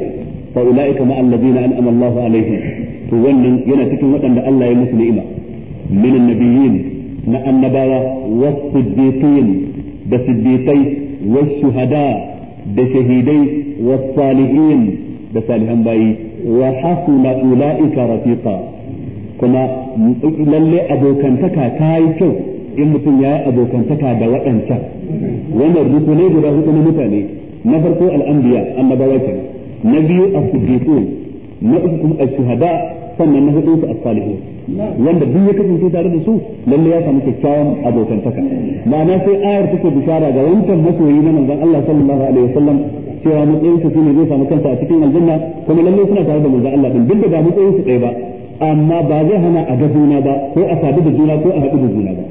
A: fa ulaika ma alladhina an'ama Allahu alaihim to wannan yana cikin waɗanda Allah ya musu ni'ima min annabiyyin na annabawa was-siddiqin da siddiqai was-shuhada da shahidai was-salihin da salihan bayi wa hasuna ulaika rafiqa kuma lalle abokantaka ta yi kyau in mutum ya abokantaka da waɗancan wannan rukunai guda hudu na mutane na farko al'ambiya annabawa kenan na biyu as-siddiqun na uku kuma a shuhada sannan na hudu su a salihu wanda duk ya kasance tare da su lalle ya samu kyakkyawan abokantaka ma'ana sai ayar take bishara ga wancan masoyi na manzon Allah sallallahu alaihi wasallam cewa matsayin su shine zai samu kansa a cikin aljanna kuma lalle suna tare da manzon Allah din duk da ba matsayin su ɗaya ba amma ba zai hana a ga juna ba ko a sadu da juna ko a haɗu da juna ba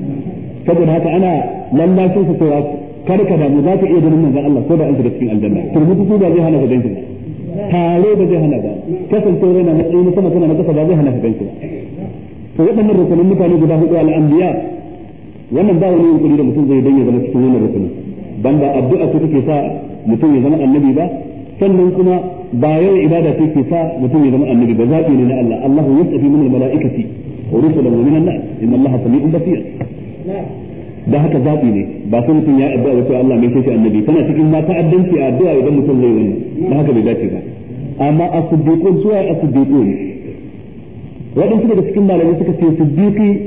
A: saboda haka ana lallashin su cewa kada ka damu za ka iya ganin manzon Allah ko da an shiga cikin aljanna turmutu ba zai hana ka ganin tare da zai hana ba kasancewar yana matsayi na sama kana na kasa ba zai hana ka ba to waɗannan rukunin mutane guda hudu al'ambiya wannan ba wani yunkuri da mutum zai danya ya zama cikin wannan rukunin banda addu'a ko take sa mutum ya zama annabi ba sannan kuma ba yawan ibada ce ke sa mutum ya zama annabi ba zaɓi ne na Allah Allahu ya min al-mala'ikati wa rusulan wa min an-nas inna Allaha sami'un basir da haka zaɓi ne ba sai mutum ya addu'a wato Allah mai sai annabi tana cikin ma ta'addanci a addu'a idan mutum zai wani da haka bai dace ba amma as-siddiqun su ya as waɗansu daga cikin malamai suka ce siddiqi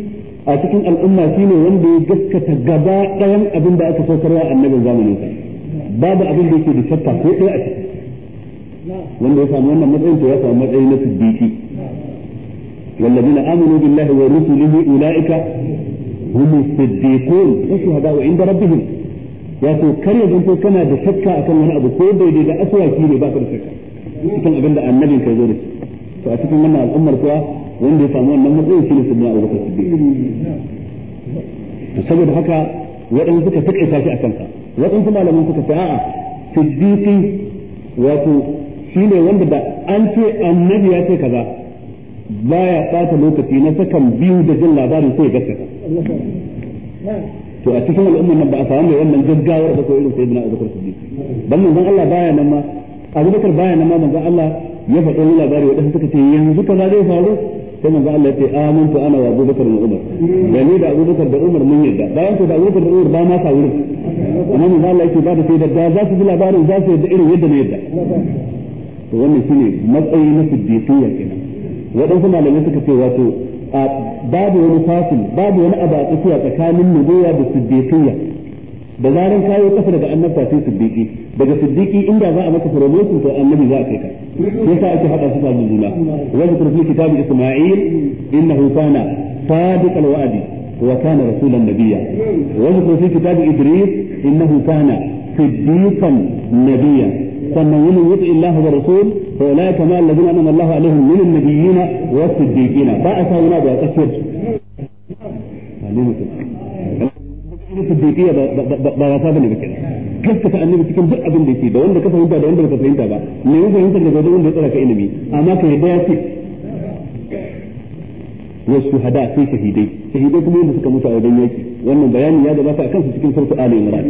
A: a cikin al'umma shine wanda ya gaskata gaba ɗayan abin da aka saukarwa annabin zamanin sa babu abin da yake da shakka ko ɗaya a ciki wanda ya samu wannan matsayin to ya samu matsayi na siddiqi والذين آمنوا بالله ورسله أولئك hum siddiqun in shuhada'u inda rabbihim wato kar ya zanto kana da shakka akan wani abu ko daidai da aswaki ne ba ka da shakka cikin abin da ka zo da shi to a cikin wannan al'ummar kuwa wanda ya samu wannan matsayin shi ne sabbin abubakar siddiq saboda haka waɗansu a kansa waɗansu a'a siddiqi wato shine wanda da an ce annabi ya ce kaza baya ɓata lokaci na sakan biyu da jin labarin sai gaskata
B: to
A: a cikin al'ummar nan ba a samu wannan gaggawar da ko irin sayyidina Abubakar Siddiq dan Allah baya nan ma Abubakar baya nan ma manzo Allah ya faɗa wani labari wanda suka ce yanzu kaza zai faru sai manzo Allah ya ce to ana wa Abubakar da Umar da ni da Abubakar da Umar mun yarda bayan ko da Abubakar da Umar ba ma sa wurin amma manzo Allah yake ba da sai da za su ji labarin za su yarda irin yadda na yarda to wannan shine matsayi na siddiqiyya kenan wadansu malamai suka ce wato babu wani fasil babu wani abu a tsakiya tsakanin nubuwa da siddiqiyya da zaran kayo kasa daga annabta sai siddiqi daga siddiqi inda za a maka promotion to annabi za a kai ka yasa ake hada su da juna wanda fi kitabi isma'il innahu kana sadiqal wa'di wa kana rasulan nabiyya wanda turfi kitabi idris innahu kana siddiqan nabiyya sannan wani yuti illahu wa rasul فأولئك ما الذين أنعم الله عليهم من النبيين والصديقين باء ساونا بأكثر الصديقية بغتابة بكذا gaskata annabi cikin duk abin da yake da wanda ka fahimta da wanda baka fahimta ba me ya fahimta daga wajen wanda ya tsara ka ilimi amma ka yadda ya ce wa shuhada sai shahidai shahidai kuma suka mutu a wajen yaki wannan bayani ya gabata a kansu cikin farko ali imran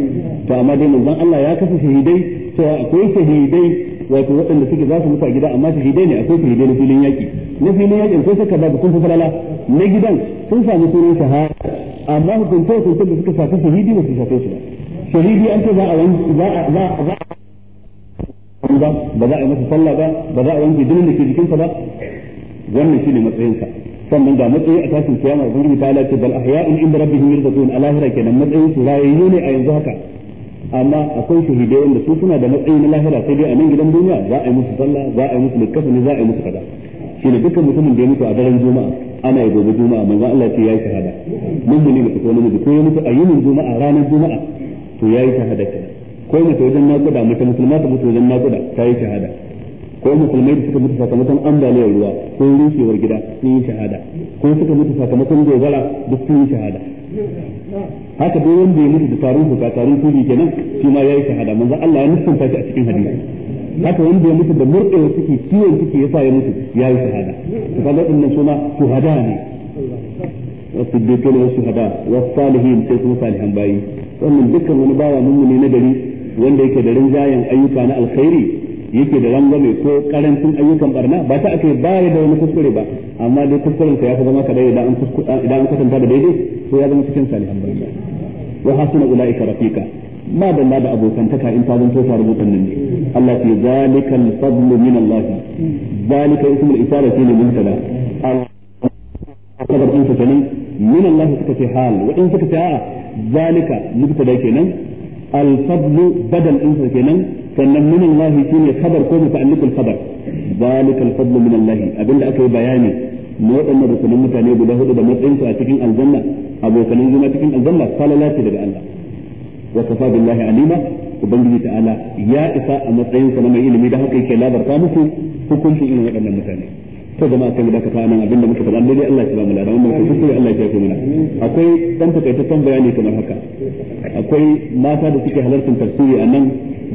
A: to amma dai manzon Allah ya kasa shahidai to akwai shahidai wato waɗanda suke za su mutu a gida amma su shidai ne akwai shidai na filin yaƙi na filin yakin sai suka ba kun fi falala na gidan sun samu sunan shahada amma hukunce hukunce da suka shafi shahidi ba su shafe su ba shahidi an ce za a wani a a ba ba za a yi masa sallah ba ba za a wanke jinin da ke jikinsa ba wannan shine matsayinsa sannan ga matsayi a tashin kiyama ubangiji ta ala ce bal ahya'un inda rabbihim yarzuqun a lahira kenan matsayin su rayayyu ne a yanzu haka amma akwai shahidai wanda su suna da matsayi na lahira sai dai a nan gidan duniya za a yi musu sallah za a yi musu ne za a yi musu kaza shine dukkan mutumin da ya mutu a daren juma'a ana yi gobe juma'a manzo Allah ce yayi shahada mun mummuni ne ko namiji ko ya mutu a yinin juma'a ranar juma'a to yayi shahada kenan ko mutu wajen nakuda mutum musulma ta mutu wajen nakuda ta yi shahada ko musulmai da suka mutu sakamakon ambaliyar ruwa ko rushewar gida sun yi shahada ko suka mutu sakamakon gobara duk sun yi shahada haka dai wanda ya mutu da tarin fuka tarin fuki kenan shi ma yayi shahada manzo Allah ya nufanta shi a cikin hadisi haka wanda ya mutu da wa ciki ciwon ciki yasa ya mutu yayi shahada to kaga dinnan suna shuhada ne wasiddiqun wa shuhada salihin sai kuma salihan bayi wannan dukkan wani bawa mummuni na gari wanda yake da rinjayen ayyuka na alkhairi yake da rangwame ko karancin ayyukan barna ba ta ake baya da wani kuskure ba amma dai kuskuren ka ya fi zama kadai idan an kwatanta da daidai ko ya zama cikin salihan barna wa hasuna ulaika rafiqa ma da na da abokantaka in ta zanto ta rubutan nan ne Allah ke zalika al-fadl min Allah zalika al isara fi al muntada Allah qadar in min Allah suka ce hal wa in suka ce zalika mubtada kenan الفضل badal انسى kenan sannan min Allah ne khabar ko muta'alliqul khabar zalikal fadlu min Allah abinda aka yi bayani mu wadannan rukunin mutane guda hudu da matsayin a cikin aljanna abokanin zama cikin aljanna falala ce daga Allah wa kafa billahi alima ubangiji ta'ala ya isa a matsayin sa na mai ilimi da haka yake labarta muku hukuncin irin waɗannan mutane ta jama'a sai da dakata nan abinda muka faɗa dai Allah ya ba mu ladan wannan kuma sai Allah ya kai mana akwai dan takaitaccen bayani kamar haka akwai mata da suke halartar tafsiri a nan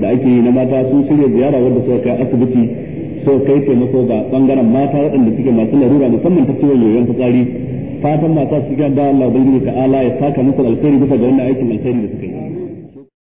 A: da ake yi na mata sun shirya ziyara wanda suka kai asibiti so kai taimako ga bangaren mata waɗanda suke masu larura musamman ta ciwon yoyon fitsari fatan mata su ga da Allah ubangiji ta'ala ya saka musu alkhairi bisa ga wannan aikin alkhairi da suka yi